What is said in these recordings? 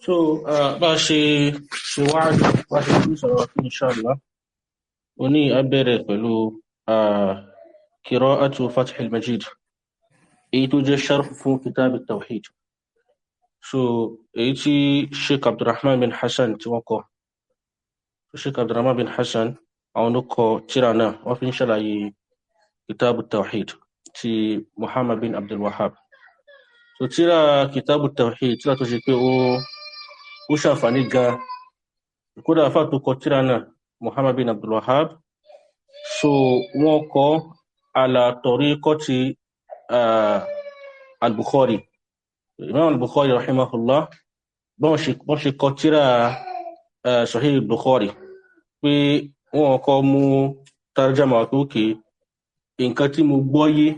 so uh, bá ṣe ṣèwádìí bá ṣe kú sọ̀rọ̀ fún inṣàlá oní abẹ́rẹ̀ pẹ̀lú uh, qira'atu Fath al-Majid èyí tó jẹ́ sharh fún kitab at-Tawhid so èyí tí Sheikh Abdulrahman bin Hassan tí wọ́n kọ Sheikh Abdulrahman bin Hassan àwọn ló kọ tírà náà wọ́n fi ń ṣàlàyé kitab at-Tawhid ti Muhammad bin Abdul Wahhab so tírà kitab tawhid tírà tó ṣe pé ó ó ṣàǹfààní gan kódà àfà tó kọ tírà Muhammad bin Abdul Wahab so wọ́n kọ ala tariqati al-Bukhari Imam al-Bukhari rahimahullah bọ́n ṣe kọ tírà Sahih al-Bukhari pé wọ́n kọ mú tarjama tó kè nǹkan tí mo gbọ́ yé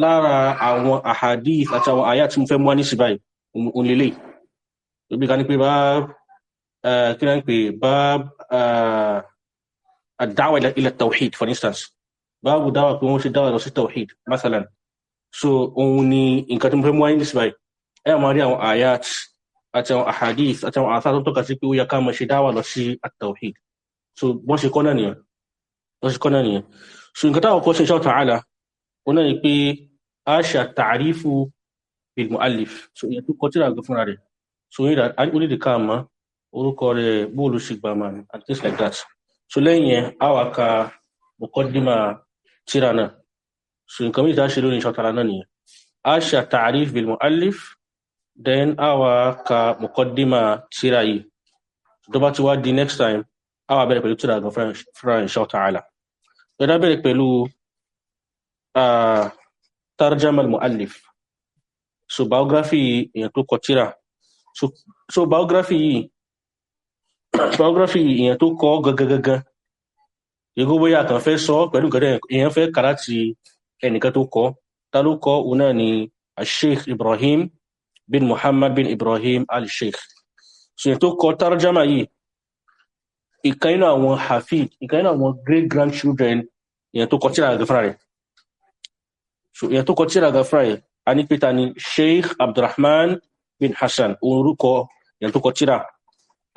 lára àwọn ahadith àtàwọn àyà tí mo fẹ́ mú wá ní síbáyìí òun lélẹ́yìí bí ká ní pé bá kí náà ń pè bá àdáwà tawhid for instance báàbù dáwà pé wọ́n ṣe dáwà lọ tawhid masalan so òun ni nǹkan tí mo fẹ́ mú wáyé ní síbáyì ẹ ayat àti àwọn ahadith àti àwọn àṣà tó tọ́ka sí pé ó yẹ ká máa ṣe tawhid so wọ́n ṣe kọ́ náà nìyẹn wọ́n ṣe kọ́ so nǹkan táwọn kọ́ ṣe ṣọ́ ta'ala ó náà ni pé a bil mu'allif so ìyẹn tó kọ́ tíra gbé fúnra rẹ̀ so yín that we need to ká mọ́ orúkọ rẹ̀ bóòlù and things like that so lẹ́yìn yẹn a ka mọ̀kọ́dìmà tira náà so nǹkan méjì tá a ṣe lórí ìṣọ̀tara náà nìyẹn a ṣe bil mu'allif then awa ka mọ̀kọ́dìmà tira yìí tó bá wá di next time awa wà bẹ̀rẹ̀ pẹ̀lú tíra gan fúnra ìṣọ̀tara gbẹdá bẹ̀rẹ̀ pẹ̀lú tarjama mu'allif so biography èèyàn tó kọ tíra so so biography yìí biography èèyàn tó kọ gangan gangan ègó bóyá kan fẹ́ sọ pẹ̀lú nǹkan èèyàn fẹ́ kàrá ti ẹnìkan tó kọ ta ló kọ òun náà ni sheikh ibrahim bin muhammad bin ibrahim al sheikh so èèyàn tó kọ tarjama yìí ìkan nínú àwọn hafid ìkan nínú àwọn great grandchildren èèyàn tó kọ tíra gan fúnra rẹ̀ so èèyàn tó kọ tíra gan fúnra rẹ̀ a ní pé ni sheikh abdulrahman bin Hasan orúkọ èèyàn tó kọ tírà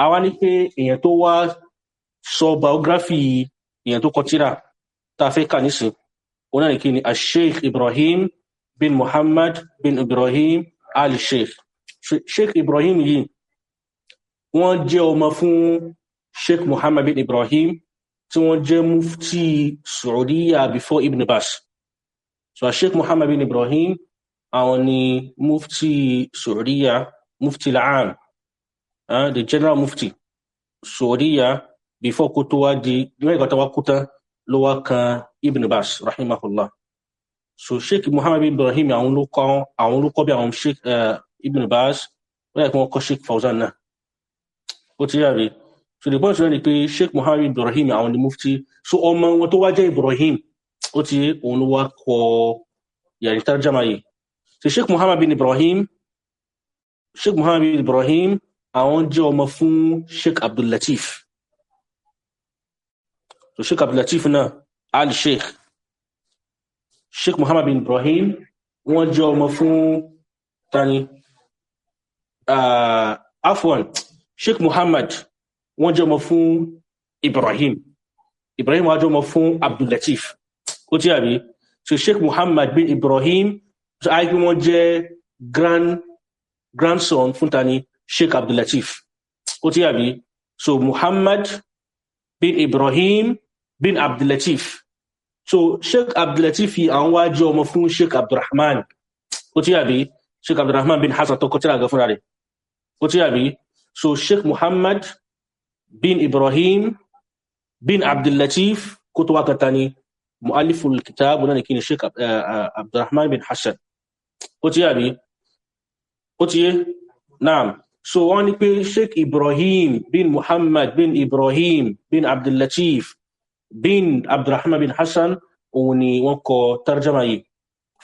a wá ní pé èèyàn tó wá sọ biography èèyàn tó kọ tírà tá a fẹ́ kà nísìn òun náà ni Sheikh Ibrahim bin Muhammad bin Ibrahim al Sheikh Sheikh Ibrahim yìí wọ́n jẹ́ ọmọ fún Sheikh Muhammad bin Ibrahim tí wọ́n jẹ́ mufti Saudiya before Ibn Bas so Sheikh Muhammad bin Ibrahim àwọn ni mufti Saudiya mufti la'am uh, the general mufti Saudiya before kó tó wá di lẹ́yìn kan tó wá kú tán ló wá kan Ibn Bas rahimahullah so sheikh Muhammad bin Ibrahim àwọn ló kọ́ àwọn ló kọ́ bí àwọn sheikh uh, Ibn Bas lẹ́yìn kan wọ́n kọ́ sheikh Fawzan náà ó ti yàrí so the point ni pé sheikh muhammad ibrahim àwọn ni mufti so ọmọ wọn tó wá jẹ́ ibrahim ó ti òun ló wá kọ yàrí tarjama yìí so sheikh muhammad bin ibrahim sheikh muhammad bin ibrahim àwọn jẹ́ ọmọ fún sheikh abdullatif so sheikh abdullatif náà al sheikh sheikh muhammad bin ibrahim wọ́n jẹ́ ọmọ fún tani uh, afwan sheikh muhammad wọ́n jẹ́ ọmọ fún ibrahim ibrahim wá jẹ́ ọmọ fún abdullatif ó tí àbí so sheikh muhammad bin ibrahim So Agbimo jẹ́ grand, grandson funtani tani Sheikh Abdulatif. Ó tí àbí, so Muhammad bin Ibrahim bin Abdulatif. So Sheikh Abdulatif yìí àwọn wá jẹ́ ọmọ fún Sheikh Abdulrahman. Ó tí àbí, Sheikh Abdulrahman bin Hassan tó kọtíra ga fúnra rẹ̀. Ó tí àbí, so Sheikh Muhammad bin Ibrahim bin Abdulatif kó tó wákàtà ni mu'alliful kitab náà ni kí ni Sheikh Abdulrahman bin Hassan. ó ti yàrí ó ti yé naam so wọ́n ní pé sheikh ibrahim bin muhammad bin ibrahim bin abdullatif bin abdulrahman bin hassan òun ni wọ́n kọ tarjama yìí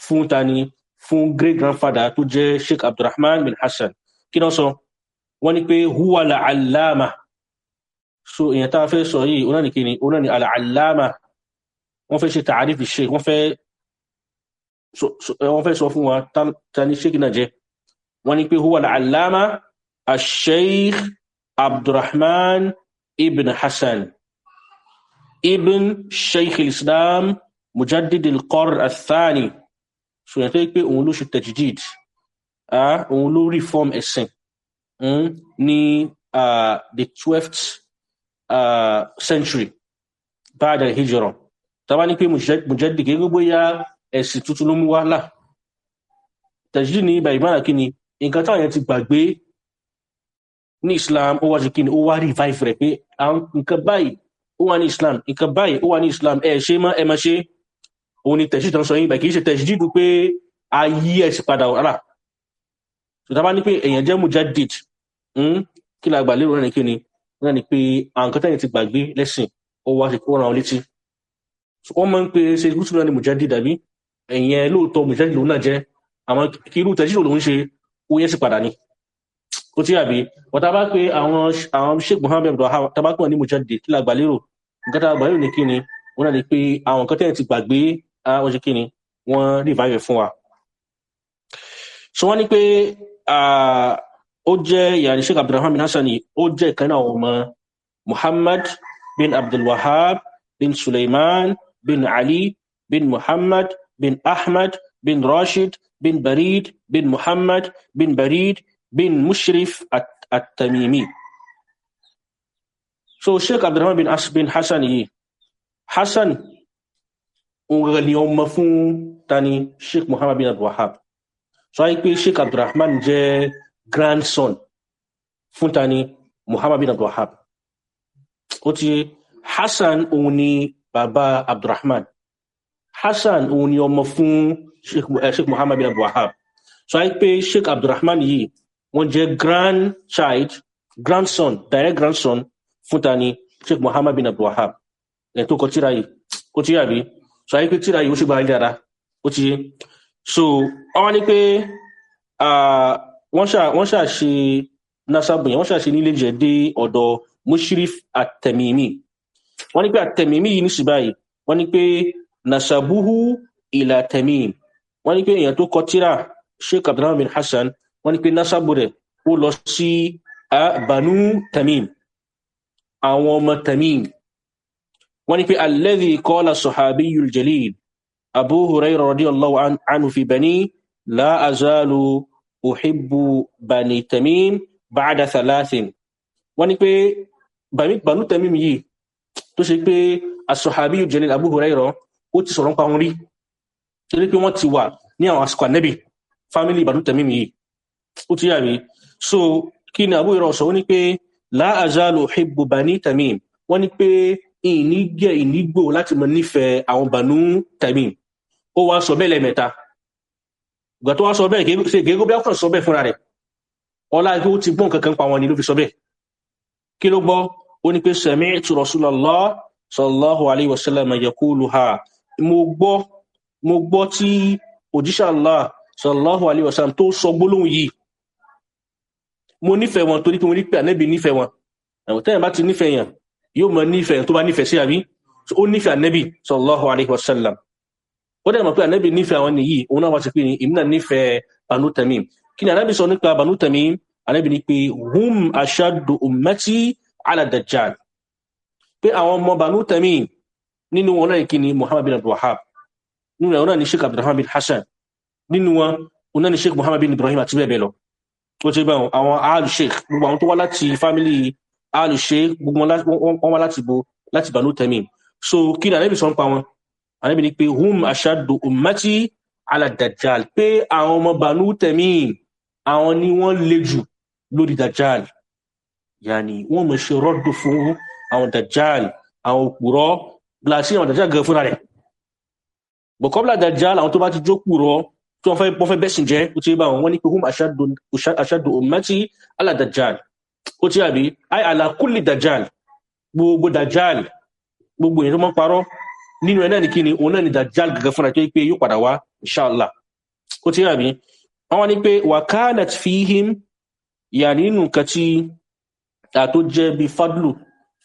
fún tani fún great grandfather tó jẹ́ sheikh abdulrahman bin hassan kí náà sọ wọ́n ní pé huwa la alama so èyàn tá a fẹ́ sọ yìí onáni kí ni onáni alama wọ́n fẹ́ ṣe tààrífì sheikh wọ́n fẹ́ wọ́n fẹ́ sọ fún wa tani sheik náà jẹ́ wọ́n ní pé huwa al'alama al-sheikh abdurrahman ibn hassan ibn sheikh al-islam mujaddid al-qarn al-thani so yẹn tó pé òun ló ṣe tajdid òun ló reform ẹ̀sìn hmm, ní the 12th uh, century ba'da al-hijra tàbá ní pé mujaddid gẹ́gbẹ́ ẹ̀sìn tuntun ló mú wá là tẹ̀jú ní ibà ìbára kí ni nǹkan táwọn yẹn ti gbàgbé ní Islam ó wá ṣe kí ni ó wá rí revive rẹ̀ pé nǹkan báyìí ó wà ní Islam nǹkan báyìí ó wà ní Islam ẹ ṣe mọ́ ẹ mọ́ ṣe òun ni tẹ̀jú tán sọ yín bẹ̀ kì í ṣe tẹ̀jú dídú pé ayé ẹ̀sìn padà rárá ṣùgbọ́n bá ní pé èèyàn jẹ́ mujadid hmm, kí la gbà lérò rẹ̀ kí ni náà ni pé àǹkan tẹ́yìn ti gbàgbé lẹ́sìn ó wá ṣe kó ràn án létí wọ́n máa ń pe ṣe gúúsù náà ni mujadid àbí ẹ̀yẹn lóòótọ́ mùsẹ́jì lòun náà jẹ́ àmọ́ kí irú tẹ̀sí lòun ṣe ó yẹ́ padà ni ó ti àbí wọ́n bá pé àwọn Sheikh Muhammad tabakun ní mùsẹ́jì kí la gbàlérò nǹkan tá a gbàlérò ní kí ni wọ́n náà lè pé àwọn nǹkan tẹ́yìn ti gbàgbé wọ́n ṣe kí ni wọ́n revive fún wa so wọ́n ní pé ó jẹ́ ìyàní Sheikh Abdulrahman bin Hassani ó jẹ́ ìkan náà ọmọ Muhammad bin Abdul Wahab bin Sulaiman bin Ali bin Muhammad بن أحمد بن راشد بن بريد بن محمد بن بريد بن مشرف التميمي so Sheikh Abdurrahman bin Asbin bin Hassan yìí Hassan òun ni ọmọ fún tani Sheikh Muhammad bin Abdul Wahab so ayé pé Sheikh Abdurrahman jẹ́ grandson fún tani Muhammad bin Abdul Wahab ó Hassan òun ni bàbá Abdurrahman Hassan òun ni ọmọ fún Sheikh Muhammad eh, bin Abdul Wahab so àyè pé Sheikh Abdulrahman yìí wọ́n jẹ́ grandchild grandson direct grandson fún ta Sheikh Muhammad bin Abdul Wahab ẹ̀ tó kọ tíra yìí ó ti yàbí so àyè pé tíra yìí ó ṣe gba ilé ara ó ti yé so wọ́n ní pé wọ́n ṣà ṣe nasabun yẹn wọ́n ṣà ṣe nílé jẹ́ dé ọ̀dọ̀ Mushrif at-Tamimi wọ́n ní pé at yìí ní sí wọ́n ní pé nasabuhu ila Tamim wọ́n ní pé èèyàn tó kọ tíra Sheikh Abdurrahman bin Hassan wọ́n ní pé nasabu rẹ̀ ó lọ sí Banu Tamim àwọn ọmọ Tamim wọ́n ní pé alladhi qala sahabiyyul jalil Abu Hurairah radiyallahu anhu fi bani la azalu uhibbu bani Tamim ba'da thalathin wọ́n ní pé Banu Tamim yìí tó ṣe pé as-sahabiyyul Abu Hurairah ó ti sọ̀rọ̀ nípa wọn rí torí pé wọ́n ti wà ní àwọn àsìkò ànẹ́bì fámílì ìbàdú mi yìí ó ti yà so kí ni àbúrò ìrọ̀sọ̀ ó ní pé láàzálò hibbu bani tamim wọ́n ní pé ìnígẹ̀ ìnígbò láti mọ nífẹ̀ẹ́ àwọn bànú tamim ó wá sọ bẹ́ẹ̀ lẹ́mẹ̀ta ìgbà tó wá sọ bẹ́ẹ̀ ṣe gẹ́gẹ́ bí ọkàn sọ bẹ́ẹ̀ fúnra rẹ̀ ọlá pé ó ti gbọ́n kankan pa wọn ni ló fi sọ bẹ́ẹ̀ kí ló gbọ́ ó ní pé sami'tu Rasulullah sallallahu alaihi wasallam yaquluha mo gbọ́ mo gbọ́ tí òjíṣẹ́ Allah sallallahu alaihi wasallam tó sọ gbólóhùn yìí mo nífẹ̀ẹ́ wọn torí pé mo rí pé ànẹ́bì nífẹ̀ẹ́ wọn àwọn tẹ́yàn bá ti nífẹ̀ẹ́ yàn yóò mọ nífẹ̀ẹ́ tó bá nífẹ̀ẹ́ sí àbí ó nífẹ̀ẹ́ ànẹ́bì sallallahu alaihi wasallam ó dẹ̀ mọ̀ pé ànẹ́bì nífẹ̀ẹ́ àwọn nìyí òun náà wá sí nínú wọn náà kí ni Muhammad bin Abdul Wahab nínú wọn náà ni Sheikh Abdulrahman bin Hassan nínú wọn wọn náà ni Sheikh Muhammad bin Ibrahim àti bẹ́ẹ̀ bẹ́ẹ̀ lọ ó ti báwọn àwọn alu Sheikh gbogbo àwọn tó wá láti fámìlì alu Sheikh gbogbo wọn wá láti bo láti Banu Tamim so kí ni ànábì sọ ń pa wọn ànábì ni pé hum ashaddu ummati ala pé àwọn ọmọ Banu Tamim àwọn ni wọ́n le jù lórí Dajjal yàní wọ́n mọ̀ ṣe rọ́dù fún àwọn Dajjal àwọn òpùrọ́ làṣí àwọn dàjá gan fúnra rẹ̀ bọ̀ kọ́bílà dàjá làwọn tó bá ti jókù rọ tí wọ́n fẹ́ wọ́n bẹ́sìn jẹ́ ó ti bá wọn wọ́n ní pé hum ashaddu ummati ala dajjal ó ti ala kulli dajjal gbogbo dajjal gbogbo èyí tó mọ́ parọ́ nínú ẹ̀ náà ní kíni inshallah ó ti àbí wọ́n ní pé wa kanat tí àtó fadlu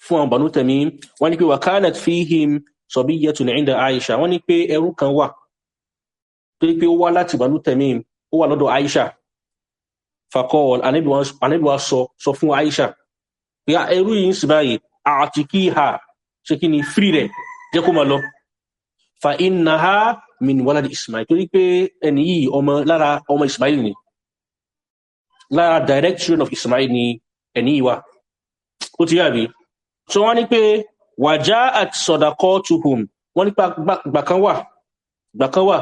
fún àwọn Banu Tamim wọ́n ní pé wa kanat fihim sabiyyatun 'inda Aisha wọ́n ní pé ẹrú kan wà tó pé ó wá láti Banu Tamim ó wà lọ́dọ̀ Aisha fakọ́ọ̀l anẹ́bíwá sọ fún Aisha pé ah, ẹrú yìí ń sì báyìí àtìkí ha ṣe kí ni fírí rẹ̀ jẹ́ kó máa lọ fa inna ha min walad Ismail torí pé ẹni yìí ọmọ lára ọmọ Ismail ni lára direct children of Ismail ni ẹni yìí wà ó ti yàbí so wọ́n ní pé wàjá àti sọ̀dàkọ́ tuhum wọ́n ní pé gbàkan wà gbàkan wà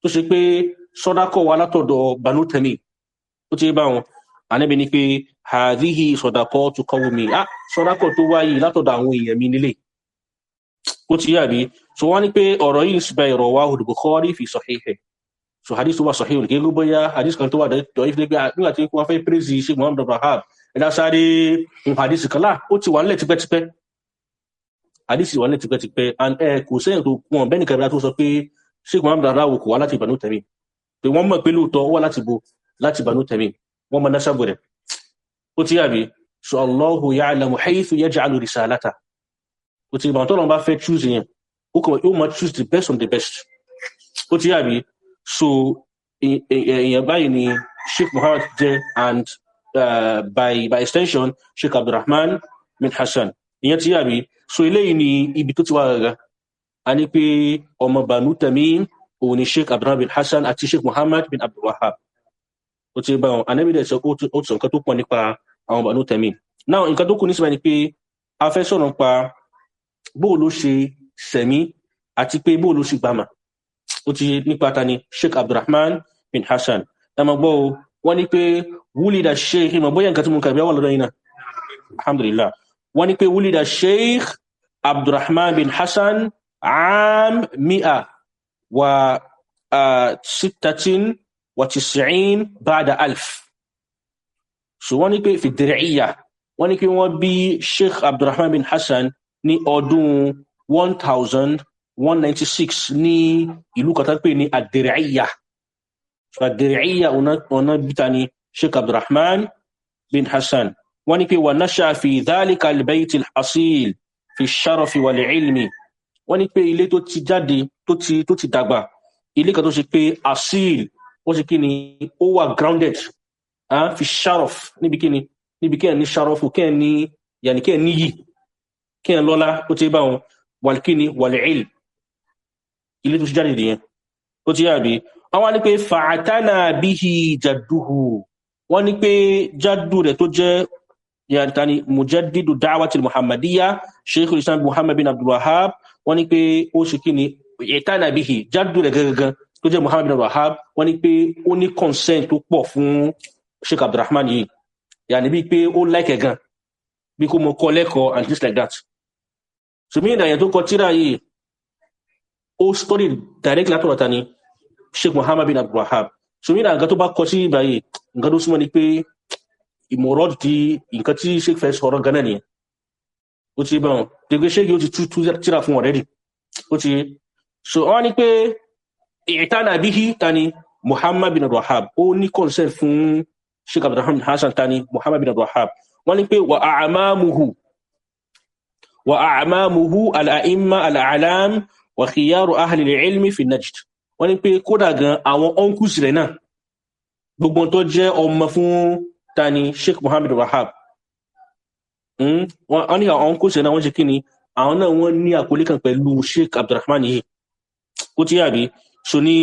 tó ṣe pé sọ́dákọ̀ wà látọ̀dọ̀ Banu Tamim ó ti bá wọn àníbi ni pé hadhihi sọ̀dàkọ́ tu qawmi ah sọ́dákọ̀ tó wáyé látọ̀dọ̀ àwọn èèyàn mi nílé ó ti yàbí so wọ́n ní pé ọ̀rọ̀ yìí sì bá ìrọ̀ wá al-Bukhari fi sahihi so hadith tó wà ah, ẹ̀dá sáré àdìsí kan láà ó ti wà nílẹ̀ tipẹ́tipẹ́ àdìsí wà nílẹ̀ tipẹ́tipẹ́ eh, kò sẹ́yìn tó wọn bẹ́ẹ̀ nìkan tó sọ pé sheikh mohammed arawo kò wá láti ìbànú tẹ̀mí pé wọ́n mọ̀ pé lóòótọ́ wà láti bo láti ìbànú tẹ̀mí wọ́n mọ náṣàbò rẹ̀ ó ti yàbí sọ allahu ya'lamu haythu yaj'alu risalata ó ti ìbànú tọ́lọ́ bá fẹ́ choose yẹn ó kọ̀ ó máa choose the best of the best ó ti yàbí so èèyàn báyìí ni sheikh mohammed jẹ́ and uh, by, by extension Sheikh Abdulrahman bin Hassan ìyẹn ti yàbí so eléyìí ni ibi tó ti wá gaga a ní pé ọmọ Banu Tamim òun ni Sheikh Abdulrahman bin Hassan àti Sheikh Muhammad bin Abdul Wahhab ó ti bá wọn anẹ́bìdẹ̀ sọ ó sọ nǹkan tó pọ̀ nípa àwọn Banu Tamim now nǹkan tó kù ní síbẹ̀ ni pé a fẹ́ sọ̀rọ̀ nípa bóò ló ṣe sẹ̀mí àti pé bóò ló ṣe gbàmà ó ti nípa ta ni Sheikh Abdulrahman bin Hassan ẹ máa gbọ́ o wọ́n ní pé wúlìdà sheikh ìmọ̀ bóyá nǹkan tí mo ń kàbí àwọn lọ́dọ̀ yìí náà alhamdulillah wọ́n ní pé wúlìdà sheikh abdurrahman bin hassan am mi'a wa sittatin wa tis'in ba'da alf so wọ́n ní pé fi dir'iyya wọ́n ní pé wọ́n bí sheikh abdurrahman bin hassan ní ọdún 1196 ní ìlú kan tó pè so ad-dir'iyya ọ̀nà bíta sheikh abdulrahman bin hassan wọ́n ní pé wà náṣà fi dhalika albayt alhasil fi sharafi wal ilmi wọ́n ní pé ilé tó ti jáde tó ti tó ti dàgbà ilé kan tó ṣe pé asil ó ṣe kí ni ó wà grounded fi sharaf níbi kí ni níbi kí ẹ̀ ní sharafu kí ẹ̀ yàní kí ẹ̀ níyì kí ẹ̀ lọ́lá ó ti bá wọn wal kí ni wal ilm ilé tó ti jáde nìyẹn ó ti yàbí wọ́n wá ní pé fa'atana bihi wọ́n ní pé jádù rẹ̀ tó jẹ́ yàtàní mujaddidu da'wati muhammadiyya sheikh islam muhammad bin abdul wahab wọ́n ní pé ó ṣe kí ni ìtànà bihi jádù rẹ̀ gẹ́gẹ́gẹ́ tó jẹ́ muhammad bin abdul wahab wọ́n ní pé ó ní consent tó pọ̀ fún sheikh abdulrahman yìí yàní bí pé ó like gan bí kò mọ kọ lẹ́kọ̀ọ́ and things like that so mi ìdàyẹ̀ tó kọ tíra yìí ó story direct látọ̀rọ̀ ni sheikh muhammad bin abdul wahab sòmínà nǹkan tó bá kọ sí ìbáyé nǹkan tó súnmọ́ ni pé ìmọ̀rọ̀ di nǹkan tí sheikh fẹ́ sọ̀rọ̀ gan nìyẹn ó ti bá wọn dègbé sheikh ti tú tíra fún ọ̀rẹ́ rì ó ti so wọn ni pé ìtànà àbíhí tani muhammad bin abdulwahab ó ní consent fún sheikh abdulrahman hasan tani muhammad bin abdulwahab wọn ni pé wà àmàmuhu wà àmàmuhu al-a'imma wà khiyaru ahli ilmi fi najd wọ́n ní pé kódà gan àwọn uncles rẹ̀ náà gbogbo tó jẹ́ ọmọ fún tani Sheikh Mohammed Wahab hmm? wọ́n ní àwọn uncles rẹ̀ náà wọ́n ṣe kí ni àwọn náà wọ́n ní àkólé kan pẹ̀lú Sheikh Abdulrahman yìí kó tí yàbí so ní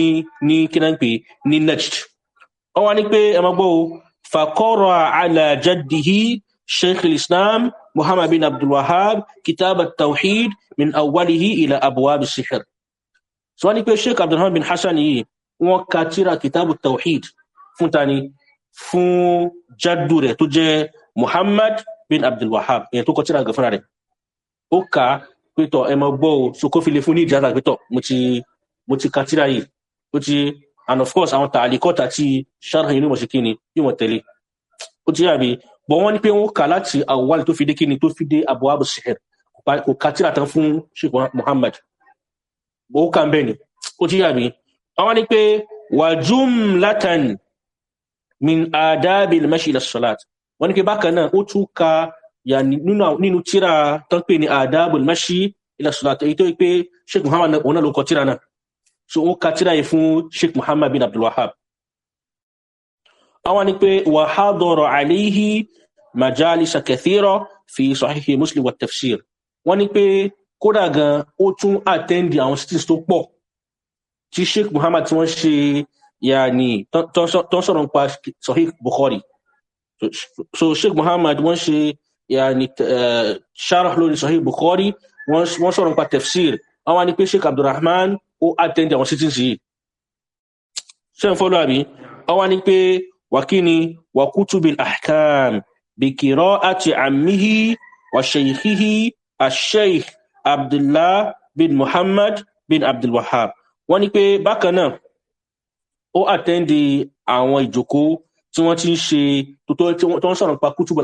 ní kí náà ń pè ní next wọ́n wá ní pé ẹ máa gbọ́ o fakọ́rọ̀ ala Sheikh islam Muhammad bin Abdul kitab tawhid min awwalihi ila abwab as so wọ́n ní pé sheik abdulrahman bin hasan yìí wọ́n ka tírà kitabu tawhid fún tani fún jaddu rẹ̀ tó jẹ́ muhammad bin abdul wahab èyàn tó kọ tírà gan fúnra rẹ̀ ó ka pétọ̀ ẹ gbọ́ o so kó fi lè fún ní ìjáza pétọ̀ mo ti ka tírà yìí ó ti and of course àwọn tààlíkọ́ta ti sharh inú mọ̀ṣe kí ni yóò mọ̀ tẹ̀lé ó ti yàbí bọ̀ wọ́n ní pé wọ́n kà láti awwal tó fi dé kí ni tó fi dé abu abu sihr kò ka tírà tán fún sheik muhammad ó kà ń bẹ̀ ni ó ti yà mí àwọn ni pé wà jumlatan min adabil mashi ila salat wọ́n ni pé bákan náà ó tún ka yà nínú tíra tán pé ní adabul mashi ila salat èyí tó yí pé sheikh muhammad òun náà ló kọ tíra náà so ó ka tíra yìí fún sheikh muhammad bin abdul wahab àwọn ni pé wà hadara alayhi majalisa kathira fi sahihi muslim wa tafsir wọ́n ni pé kódà gan ó tún àtẹ́ndì àwọn cities tó pọ̀ tí Sheikh Muhammad tí wọ́n ṣe yà ní tán sọ̀rọ̀ ń pa Sahih Bukhari so Sheikh Muhammad wọ́n ṣe yà ní eh, sharah lórí Sahih Bukhari wọ́n sọ̀rọ̀ ń pa tafsir àwọn ni pé Sheikh Abdulrahman ó àtẹ́ndì àwọn cities yìí ṣe ń fọ́lọ́ àbí àwọn ni pé wàkíni wàkútùbí al-ahkam bi qira'ati ammihi wa shaykhihi ash-shaykh abdullah bin muhammad bin abdulwahab wọ́n ní pé bákan náà ó àtẹ́ndì àwọn ìjòkó tí wọ́n ti ń ṣe tó ń sọ̀rọ̀ pa kútùbù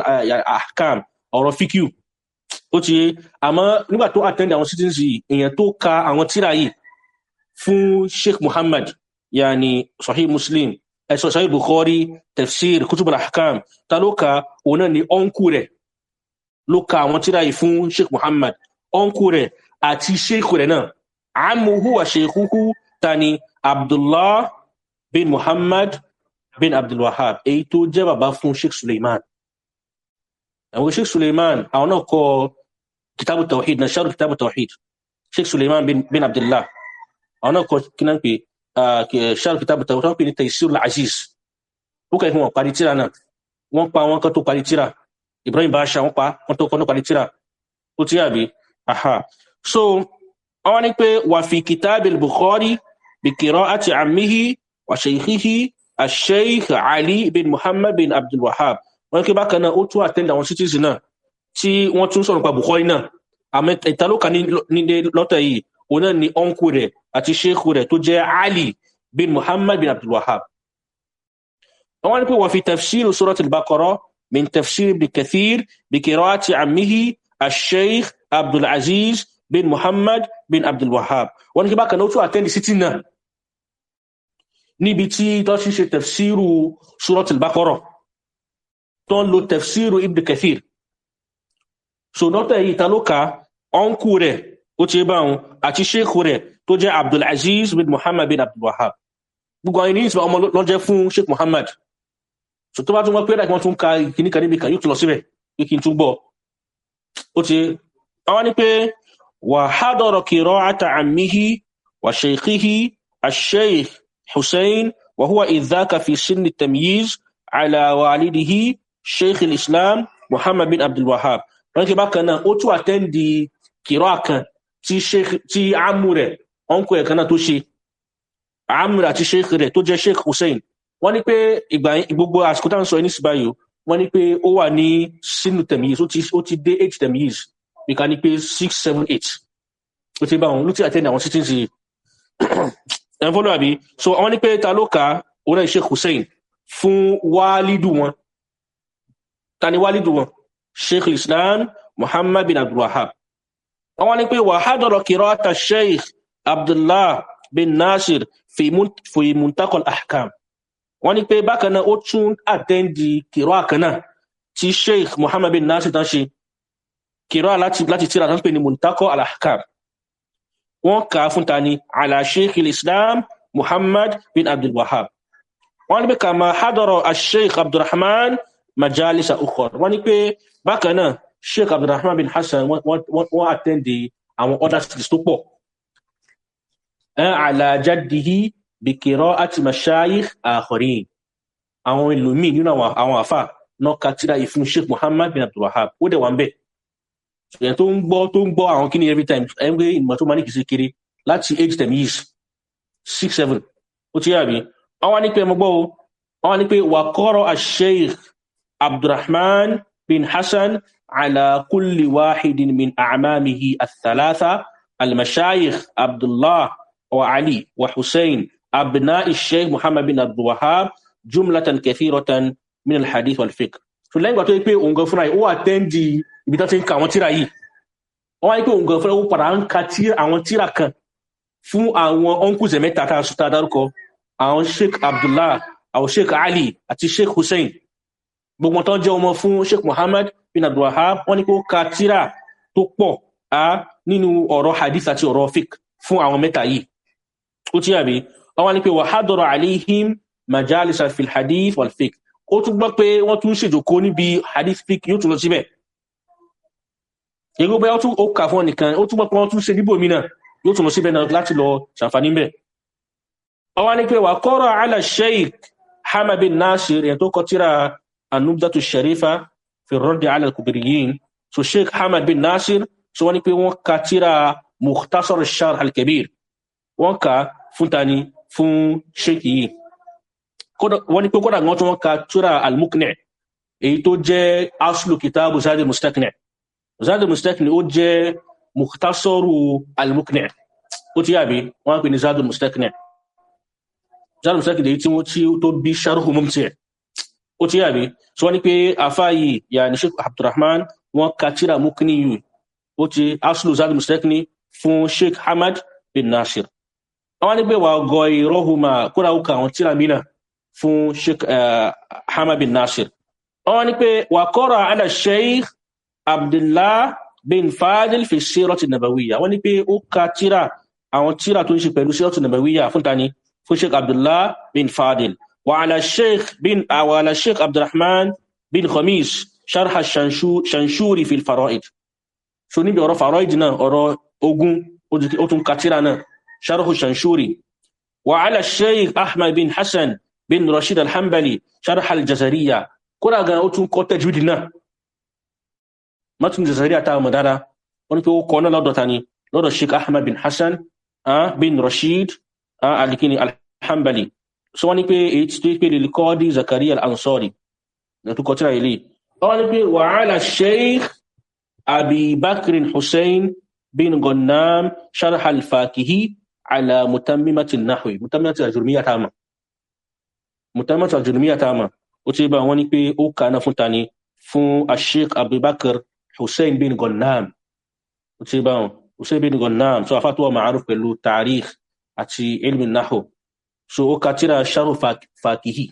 ahkam ọ̀rọ̀ fíkíù ó ti yé àmọ́ nígbà tó àtẹ́ndì àwọn citizens yìí èèyàn tó ka àwọn tíra yìí fún sheikh muhammad yani sahih muslim ẹ̀sọ̀ sahih bukhari tafsir kútùbù ahkam ta ló ka òun náà ni ọ́nkù rẹ̀ ló ka àwọn tíra yìí fún sheikh muhammad ọ̀nkù rẹ̀ àti ṣéèkù rẹ̀ náà amuhu wa ṣéèkúkú tani abdullah bin muhammad bin abdulwahab èyí tó jẹ́ bàbá fún sheikh suleiman àwọn sheikh suleiman àwọn náà kọ kitabu tawhid na sharu kitabu tawhid sheikh suleiman bin, bin abdullah àwọn náà kọ kí náà pé sharu kitabu tawhid wọ́n pè ní taisir aziz ó kẹ́ ìfún wọn parí tíra náà wọ́n pa wọn kan tó parí tíra ibrahim basha wọ́n pa wọn tó kọ́ tó parí tíra ó tíra bíi Aha. So, wọ́n ní wà fi kitab kìtàbí Bukhari bí kìrọ́ àti àmìhì wà ṣèyíhì Sheikh Ali bin Muhammad bin Abdul Wahab. Wọ́n ní pé bákan náà ó tún attend àwọn cities náà tí wọ́n tún sọ̀rọ̀ pa Bukhari náà. Àmì ìtàlókà ní lọ́tọ̀ yìí, òun náà ni ọ́nkù rẹ̀ àti rẹ̀ tó Ali bin Muhammad bin Abdul Wahab. Wọ́n ní wà fi tafsir Surat al-Baqarah min tafsir bi Kathir bí kìrọ́ àti àmìhì Sheikh Abdul Aziz bin Muhammad bin Abdul Wahab wọ́n ní kí bákan náà ó tún àtẹ́ndì sítì náà níbi tí tó ṣe ṣe tafsiru Suratul Baqarah tó ń lo tafsiru Ibn Kathir so dọ́tọ̀ yìí ta ló ka ọ́nkù rẹ̀ ó ti bá wọn àti ṣéèkù rẹ̀ tó jẹ́ Abdul Aziz bin Muhammad bin Abdul Wahab gbogbo àwọn ènìyàn ìsìnkú ọmọ lọ́jẹ́ fún Sheikh Muhammad so tó bá tún wọ́n pé àwọn ni pé wà hádọ̀rọ̀ qira'ata ammihi wà shaykhihi ash-shaykh Hussein wà huwa idhaka fi sinni tamyiz ala walidihi shaykh al-islam Muhammad bin Abdul Wahhab wọ́n kí bákan náà ó tún àtẹ́ndì qira'a kan tí àmú rẹ̀ ọ̀nkù ẹ̀kan náà tó ṣe àmú rẹ̀ àti shaykh rẹ̀ tó jẹ́ shaykh Hussein wọ́n ní pé gbogbo àsìkò táwọn sọ ní síbáyò wọ́n ní pé ó wà ní sínú tẹ̀míyìs ó ti dé eight tẹ̀míyìs bí ká ní pé six seven eight ó ti bá wọn ló ti àtẹ́ni àwọn sitting sí ẹ̀ àbí so àwọn ní pé ta ló kà á òun Sheikh Hussein fún wálídù wọn ta ni wálídù wọn Sheikh Islam Muhammad bin Abdul Wahab àwọn ní pé wàhádọ̀rọ̀ kìrọ́ta Sheikh Abdullah bin Nasir fi muntakol ahkam wọ́n ní pé bákan náà ó tún àtẹ́ndì kìrọ́ àkànnà tí Sheikh Muhammad bin Nasir tán ṣe kìrọ́ láti láti tíra tó ń pè ní muntakọ alahkam wọ́n kà á fún ta ni ala sheikh islam muhammad bin abdul wahab wọ́n ní pé kà máa hádọ́rọ̀ a sheikh abdulrahman majalisa ukhor wọ́n ní pé bákan náà sheikh abdulrahman bin hassan wọ́n àtẹ́ndì àwọn other cities tó pọ̀ eh, ala jaddihi bi qira'ati mashayikh akharin àwọn ìlú nínú àwọn àfà náà kà tíra ìfún sheikh muhammad bin abdul ó dẹ̀ wà bẹ́ẹ̀ ṣùgbọ́n tó ń gbọ́ tó ń gbọ́ àwọn kíní every time ẹgbẹ́ ìmọ̀ tó máa ní kìí ṣe kéré láti age ten years six seven ó ti yàbí wọ́n wá ní pé ẹmọ gbọ́ o wọ́n wá ní pé wà kọ́rọ̀ asheikh abdulrahman bin hassan ala kulli wahidin min a'mamihi athalatha almashayikh abdullah wa ali wa hussein abna sheikh muhammad bin jumlatan kathiratan min alhadith wal fiqh so lẹ́yìn ìgbà tó yẹ pé òun gan fúnra yìí ó àtẹ́ǹdì ibi tó ti ń ka àwọn tíra yìí wọ́n wáyé pé òun gan fúnra ó padà ń ka àwọn tíra kan fún àwọn uncles mẹ́ta tá a sọ tá a dárúkọ àwọn sheikh abdullah àwọn sheikh ali àti sheikh hussein gbogbo tán jẹ́ ọmọ fún sheikh muhammad bin abdulwahab wọ́n ní kó ka tíra tó pọ̀ á nínú ọ̀rọ̀ hadith àti ọ̀rọ̀ fik fún àwọn mẹ́ta yìí ó ti yàbí wọ́n wá pé wàhádọ̀rọ̀ alihim majalisa fil hadith wal fik ó tún gbọ́ pé wọ́n tún ṣèjòkó níbi hadith speak yóò tún lọ síbẹ̀ èrò bẹ́ẹ̀ ó kà fún ọnìkan ó tún gbọ́ pé wọ́n tún ṣe níbò mí náà yóò tún lọ síbẹ̀ náà láti lọ ṣàǹfààní bẹ̀ ọwá ní pé wà kọ́rọ̀ ala sheikh hamad tani fún sheikh yìí wọ́n ní pé kódà gan tí wọ́n ka túra almukne èyí tó jẹ́ aslu kitabu zadi mustakne zadi mustakne ó jẹ́ mukhtasaru almukne ó ti yàbí wọ́n pè ní zadi mustakne zadi mustakne èyí tí wọ́n tí tó bí sharhu mumti ó ti yàbí tí wọ́n ní pé afá yìí yà ní sheikh wọ́n ka tíra mukni yìí ó ti aslu zadi mustakne fún sheikh hamad bin nasir àwọn nígbèwà gọ ìrọ́hùmá kódà ó àwọn tíra mìíràn fún sheikh eh, hamad bin nasir wọ́n ní pé wàkọ́rọ̀ ala sheikh abdullah bin fadil fi sírọ̀tì nàbàwíyà wọ́n ní pé ó ka tíra àwọn tíra tó ń ṣe pẹ̀lú sírọ̀tì nàbàwíyà fún tani fún sheikh abdullah bin fadil وعلى الشيخ بن وعلى الشيخ عبد الرحمن بن خميس شرح الشنشوري في الفرائض so níbi ọ̀rọ̀ faraid náà ọ̀rọ̀ ogun ó tún katira náà شرح الشنشوري وعلى الشيخ أحمد بن حسن بن رشيد الحنبلي شرح الجزرية كنا غانا اوتون كوتا جودينا متن الجزرية تا مدارا اون فيو كونا لو دوتاني لو دو شيخ احمد بن حسن اه بن رشيد اه الكيني الحنبلي سو واني بي ايت ستي بي ليكودي زكريا الانصاري نتو كوتا ايلي اون بي وعلى الشيخ ابي بكر حسين بن غنام شرح الفاكهي على متممه النحو متممه الجرميه تمام mutamata jùlùmíyà tá a mà ó ti bá wọn ní pé ó kà náà fún tani fún asheikh abubakar hussein bin gonnam ó ti bá wọn hussein bin gonnam so afatuwa ma'aruf pẹ̀lú tarikh àti ilmi nahu so ó ka tírà sharu fakihi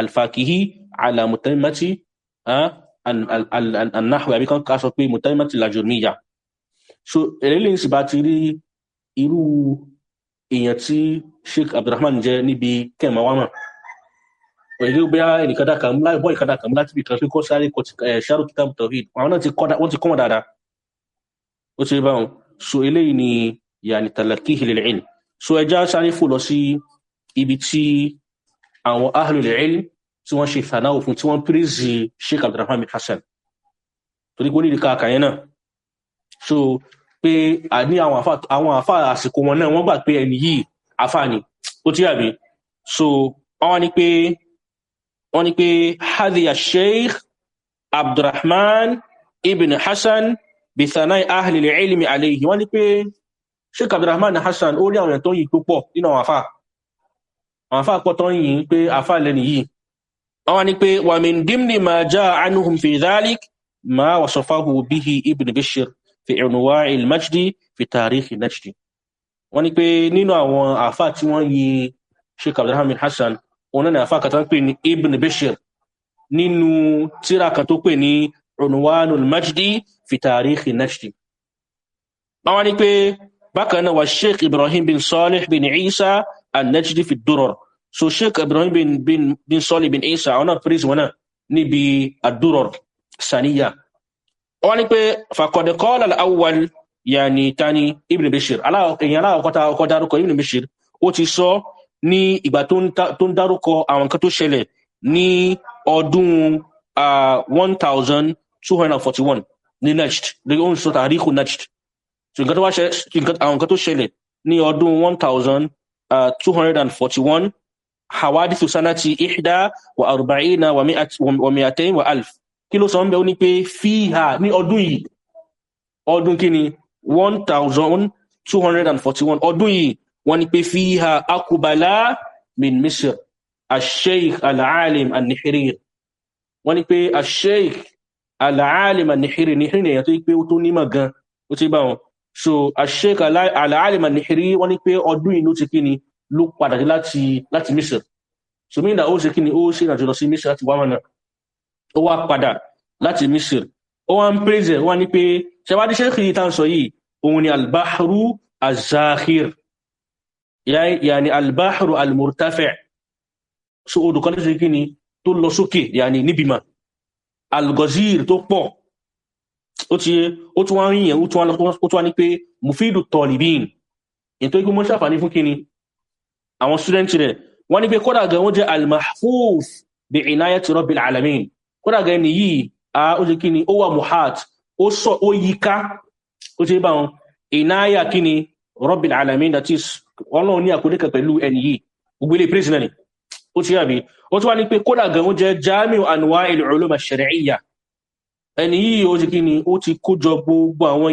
alfakihi ala mutamati annahu àbí kan ká sọ pé mutamati lajurmiya so eléyìí sì bá ti rí irú èèyàn tí sheikh abdulrahman jẹ níbi kẹmàwámà pẹ̀lú bí ẹnìkan dà kàn láì bọ́ ìkan dà kàn láti ibìkan pé kó sáré kó ṣàrò kíkà tawhid àwọn náà ti kọ́ wọn dáadáa ó ti rí báwọn so eléyìí ni yàní tàlàkì ìhìlẹ̀ so ẹja sáré fò lọ sí ibi tí àwọn ahlul ilm tí wọ́n ṣe fanáwò fún tí wọ́n pírízì sheikh abdulrahman bin hassan torí kó nídìí káàkà yẹn náà so pé àní àwọn àfà àsìkò wọn náà wọ́n gbà pé ẹni yìí àfà ni ó ti yàbí so wọ́n wá ní pé wọ́n ní pé hadiya sheikh abdurrahman ibn hassan bithanai ahli ilmi alayhi wọ́n ní pé sheikh abdurrahman hassan ó rí àwọn èèyàn tó yìn tó pọ̀ nínú àwọn àfà àwọn àfà pọ̀ tó yìn pé àfà lẹ́ni yìí wọ́n ní pé wa min dimni ma jaa anhum fi dhalik ma wasafahu bihi ibn bishir fi irnuwa ilmajdi fi tarihi najdi wọ́n ní pé nínú àwọn àfà tí wọ́n yìn sheikh abdurrahman hassan òun náà ní àfáà kan tó ń pè ní Ibn Bishir nínú tíra kan tó pè ní Unwanul Majdi fi Tarikhi Najdi àwọn ni pé bákan náà wà Sheikh Ibrahim bin Salih bin Isa al-Najdi fi Durar so Sheikh Ibrahim bin, bin, bin Salih bin Isa àwọn náà praise wọn náà níbi ad-Durar saniya wọ́n ní pé fàkọ̀dẹ̀kọ́lá al'awwal yà ní tani Ibn Bishir aláwọ̀kọ́ta ọkọ̀ dárúkọ Ibn Bishir ó ti sọ ní ìgbà tó ń dárúkọ àwọn nǹkan tó ṣẹlẹ̀ ní ọdún one thousand two hundred forty one ní next lórí oun sọ tàríkù next so nǹkan tó wá ṣẹlẹ̀ àwọn nǹkan tó ṣẹlẹ̀ ní ọdún one thousand two hundred and forty one hawadithu sanati ihda wa arba'ina wa mi'atain wa alf kí ló sọ ń bẹ ó ní pé fíhà ní ọdún yìí ọdún kí ni one thousand two hundred and forty one ọdún yìí wọ́n ní pé fiha akubala min misr asheik al'alim al-nihirir wọ́n ní pé asheik al'alim al-nihirir nihirir ni èyàn tó yí pé ó tó nímọ̀ gan ó ti bá wọn so asheik al'alim al-nihirir wọ́n ní pé ọdún inú ti kíni ló padà sí láti láti misr so mínda ó ṣe kíni ó ṣe ìrìnàjò lọ sí misr láti wá ó wá padà láti misr ó wá ń pèsè wọ́n ní pé ṣẹwádìí yani albáhùrù almurtafi' so odò kan lẹ́sẹ̀ kíni tó lọ sókè yani níbìmá algozir tó pọ̀ ó ti yé ó tún wá ń yẹn ó tún wá ní pé mufidu tọ̀lìbín ètò igun mọ́ sàfàní fún kíni àwọn student rẹ̀ wọ́n ní pé kódà gan wọ́n jẹ́ almahfuf bi inayati rabbil alamin kódà gan ni yìí a ó ṣe kíni ó wà muhat ó sọ ó yíká ó ṣe bá wọn inaya kíni rabbil alamin that is ọlọ́run ní àkódé kan pẹ̀lú ẹni yìí gbogbo ilé praise náà ni ó ti yàbí ó tún wá ní pé kódà gan ó jẹ jamiu anwa'il ulum ash-shar'iyya ẹni yìí ó ti kí ni ó ti kójọ gbogbo àwọn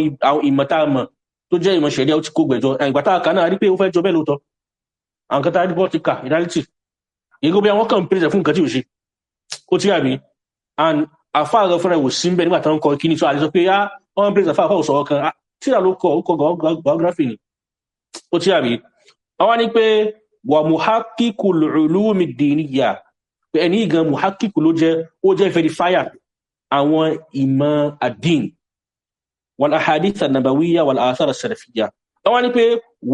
ìmọ̀tàmọ̀ tó jẹ́ ìmọ̀ ṣẹ̀ríà ó ti kó gbẹ̀jọ ìgbàtà àkà náà rí pé ó fẹ́ jọ bẹ́ẹ̀ lóòótọ́ àwọn kan tá rí bọ́ọ̀tì kà ìdálítì tí àbí àwọn ni pé wà muhakiku lùlùmí dìníyà pé ẹni gan muhakiku ló jẹ́ ó jẹ́ verifier àwọn ìmọ̀ àdín wal ahadith an-nabawiyya wal athar as-salafiyya àwọn ni pé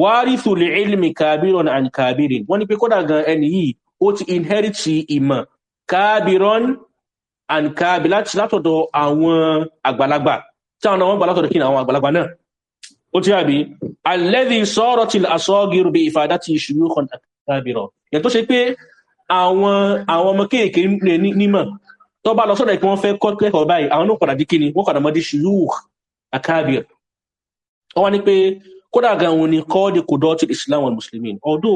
wárísù lè ilmi kabiron and kabirin wọ́n ni pé kódà gan ẹni yìí ó ti inherit ìmọ̀ kabiron and kabir láti látọ̀dọ̀ àwọn àgbàlagbà ó tí àbí alẹ́dì sọ́rọ̀ tí àṣọ́gìrù bí ìfàdá ti ṣùgbọ́n kan àkàbìrọ̀ yẹ tó ṣe pé àwọn ọmọ kéèké lè nímọ̀ tó bá lọ sọ́dọ̀ ìpínwọ́n fẹ́ kọ́ kẹ́kọ̀ọ́ báyìí àwọn ló padà díkíní wọ́n padà mọ́dí kudot islam wal muslimin ọdọ́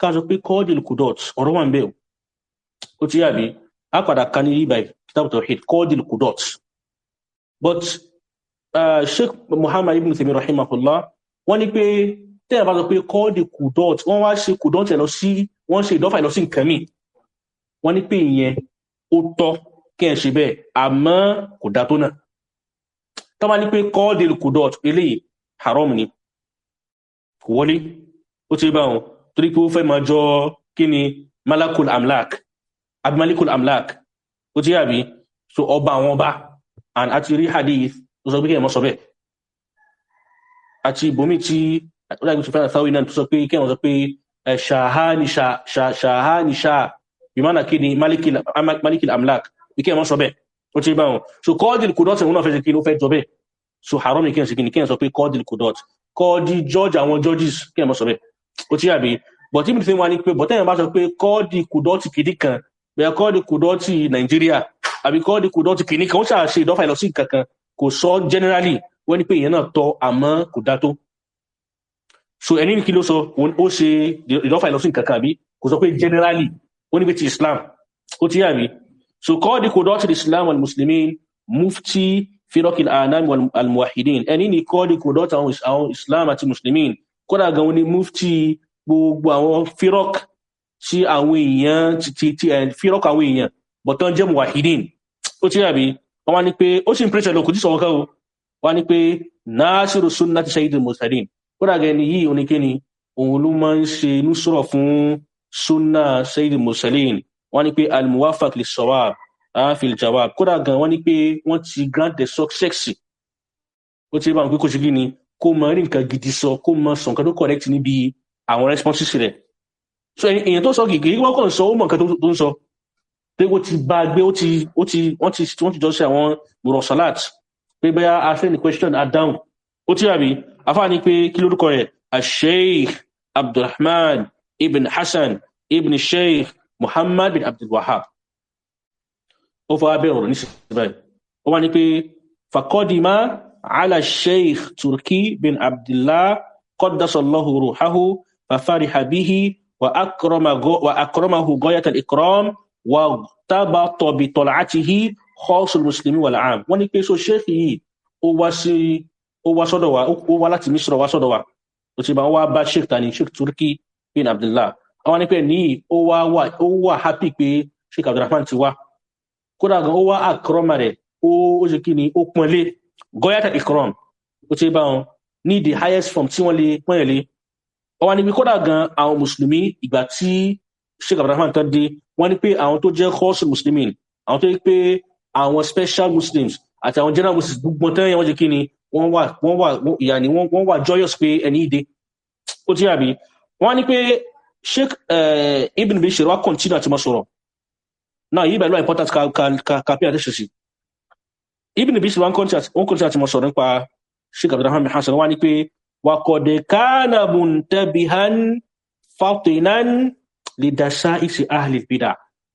ká sọ pé kudot ọ̀rọ̀ wà ń bẹ̀ ó tí àbí á kudot but Eh, sheikh muhammad ibn tèmi rahimahullah wọ́n ní pé tẹ́yà bá sọ pé kọ́ọ̀dì kùdọ́t wọ́n wá ṣe kùdọ́t ẹ̀ lọ sí wọ́n ṣe ìdọ́fà ìlọsí nǹkan mi wọ́n ní pé ìyẹn ó tọ́ kí ẹ ṣe bẹ́ẹ̀ àmọ́ kò dá tó náà tọ́ba ní pé kọ́ọ̀dì kùdọ́t eléyìí haram ni kò wọlé ó ti bá wọn torí pé ó fẹ́ máa jọ kí ni malakul amlak abi malikul amlak ó ti yàbí so ọba àwọn ọba and àti rí hadith ó sọ pé kẹ́ẹ̀mọ́ sọ bẹ́ẹ̀ àti ìbomi tí ọlágbé tó fẹ́ràn sáwé náà tó sọ pé kí ni malikil amlak kẹ́ẹ̀mọ́ sọ bẹ́ẹ̀ ó ti bá wọn so kọ́ọ̀dìl kudọ́tì òun náà fẹ́ ṣe kí ló fẹ́ ni kẹ́ẹ̀sì kí ni kẹ́ẹ̀sọ pé kọ́ọ̀dìl kudọ́tì kọ́ọ̀dì jọ́ọ̀jì àwọn jọ́ọ̀jì kẹ́ẹ̀mọ́ sọ bẹ́ẹ̀ ó ti yàbí bọ̀ tí mi ti wá ní pé bọ̀tẹ́yìn bá sọ pé kọ́ọ̀dì kudọ́tì kò sọ generally wọ́n ní pé ìyẹn náà tọ́ àmọ́ kò dá tó so ẹni kí ló sọ ó ṣe ìdọ́fà ìlọsìn kankan àbí kò sọ pé generally wọ́n ní pé ti Islam ó ti yà mí so kọ́ di kò dọ́tí Islam wal muslimin mufti firokil anam wal muwahidin ẹni ni kọ́ di kò dọ́tí àwọn Islam àti muslimin kódà gan wọn ni mufti gbogbo àwọn firok tí àwọn èèyàn ti ti firok àwọn èèyàn bọ̀tán jẹ́ muwahidin ó ti yà mí wọ́n wá ní pé ó sì ń pèsè lókùn tí sọ̀wọ́kẹ́ o wá ní pé nasiru sunnati shahidul mustadin kódà gẹni yìí oníkéni òun ló máa ń ṣe nusra fún sunna shahidul mustadin wọ́n ní pé almuwafaq li sawab afil jawab kódà gan wọ́n ní pé wọ́n ti grant the success ó ti bá wọn pé kò ṣe kí ni kó mọ rí nǹkan gidi sọ kó mọ sọ nǹkan tó correct níbi àwọn responses rẹ̀ so èèyàn tó sọ gègé wọ́n kàn sọ ó mọ pé ó ti bá gbé ó ti ó ti wọ́n ti wọ́n ti jọ ṣe àwọn mùrọ̀sálàt pé bẹ́yà aṣẹ́ ní question adáhùn ó ti ràbí afáàní pé kí lórúkọ rẹ̀ asheikh abdulrahman ibn hassan ibn sheikh muhammad bin abdulwahab ó fọ́ abẹ́ ọ̀rọ̀ ní sísẹ́bẹ̀ ó wá ní pé fakọ́dìmá ala sheikh turki bin abdullah wa akramahu goyatal ikram wà tábà tọ̀bì tọ̀lá àti hí kọ́ọ̀sùn mùsùlùmí wà láàm wọ́n ní pé so ṣéèkì yìí ó wá sí ó wá sọ́dọ̀ láti mísírà wá sọ́dọ̀ ó ti máa wá bá sheikh tani sheikh turki bin abdullah àwọn nípẹ́ ní ó wá wà ó wà happy pé sheikh abdulrahman ti wá kódà gan ó wá àkọrọmà rẹ̀ ó ó ṣe kí ni ó pọnlé goyata ikram ó ti bá wọn ní the highest form tí wọ́n lè pọ́nyẹ̀lé wọ́n ní kódà gan àwọn mùsùlùmí ìgbà tí sheikh abdulrahman tán dé wọ́n ní pé àwọn tó jẹ́ khos muslimin àwọn tó yẹ pé àwọn special muslims àti àwọn general muslims gbogbo tán wọ́n jẹ́ kí ni wọ́n wà wọ́n wà ìyá ni wọ́n wà joyous pé ẹni ìdè ó ti àbí wọ́n ní pé sheikh eh, ibn bishir wa continue àti máa sọ̀rọ̀ náà yìí bẹ̀rẹ̀ important ka ka ka ka pay attention sí ibn bishir wa continue àti máa sọ̀rọ̀ nípa sheikh abdulrahman bin hasan wọ́n ní pé wakọ̀dẹ̀ kánà muntabihan fatinan lè dá ṣá ìṣe ahlil bidà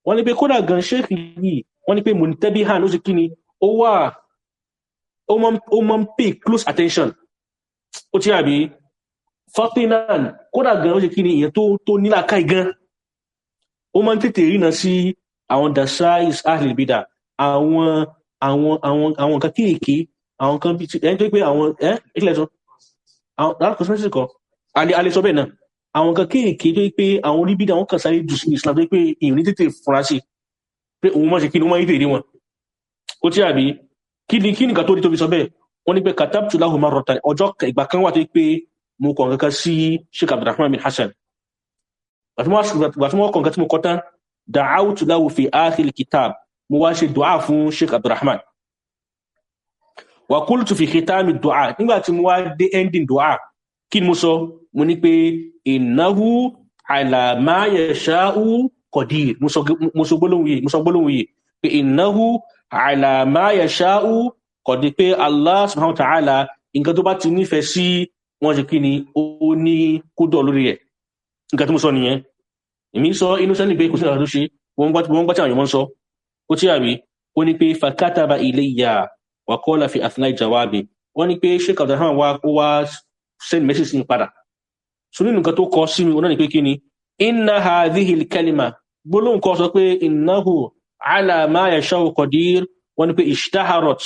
wọ́n ní pé kódà gan sheikh yìí wọ́n ní pé muntabihan ló ṣe kí ni ó wà ó mọ́ ń pay close attention ó ti àbí fatinan kódà gan ó ṣe kí ni ìyẹn tó nílà káì gan ó mọ́ ń tètè rìnà sí àwọn dàṣà ahlil bidà àwọn àwọn àwọn àwọn nǹkan kéèké àwọn kan bí ẹni tó pé àwọn ẹ́ ìkìlẹ̀ sọ àwọn láti náà àwọn kan kéèké tó pé àwọn oníbídà wọn kàn sáré jù sí Islam tó pé èèyàn ní tètè fura sí pé òun mọ́ ṣe kí ni wọ́n ìfèrè wọn ó tí àbí kí ni kí nìkan tó ní sọ bẹ́ẹ̀ wọ́n ní pé katabtu lahu marratan ọjọ́ ìgbà kan wà tó pé mo kàn kankan sí Sheikh Abdulrahman bin Hasan gbàtí wọ́n kàn tí mo kọ́ tán da'awtu lahu fi akhir kitab mo wá ṣe dùá fún Sheikh Abdulrahman wa qultu fi khitami dùá nígbà tí mo wá dé ending dùá kí ni mo sọ mo ní pé ìnáwó àlàmáyẹ̀ṣáú kọ̀dí mo sọ gbólóhùn yìí pé ìnáwó àlàmáyẹ̀ṣáú kọ̀dí pé Allah subhanahu wa ta'ala nǹkan tó bá ti nífẹ̀ẹ́ sí wọ́n ṣe kí ni ó ní kódọ̀ lórí ẹ̀ nǹkan tó mo sọ nìyẹn èmi sọ inú sẹ́ni pé kò sí àtúnṣe wọ́n gbá tí àwọn èèyàn sọ ó tí àrí ó ní pé fakátàbà ilayya wàkọ́lá fi àtúnáì jawabi wọ́n ní pé sheikh abdulrahman wa send message mi padà so nínú nǹkan tó kọ sí mi onáà ní pé kí ni inna hadhihi kalima gbólóhùn kọ sọ pé innahu ala ma yashau qadir wọ́n ní pé ishtaharot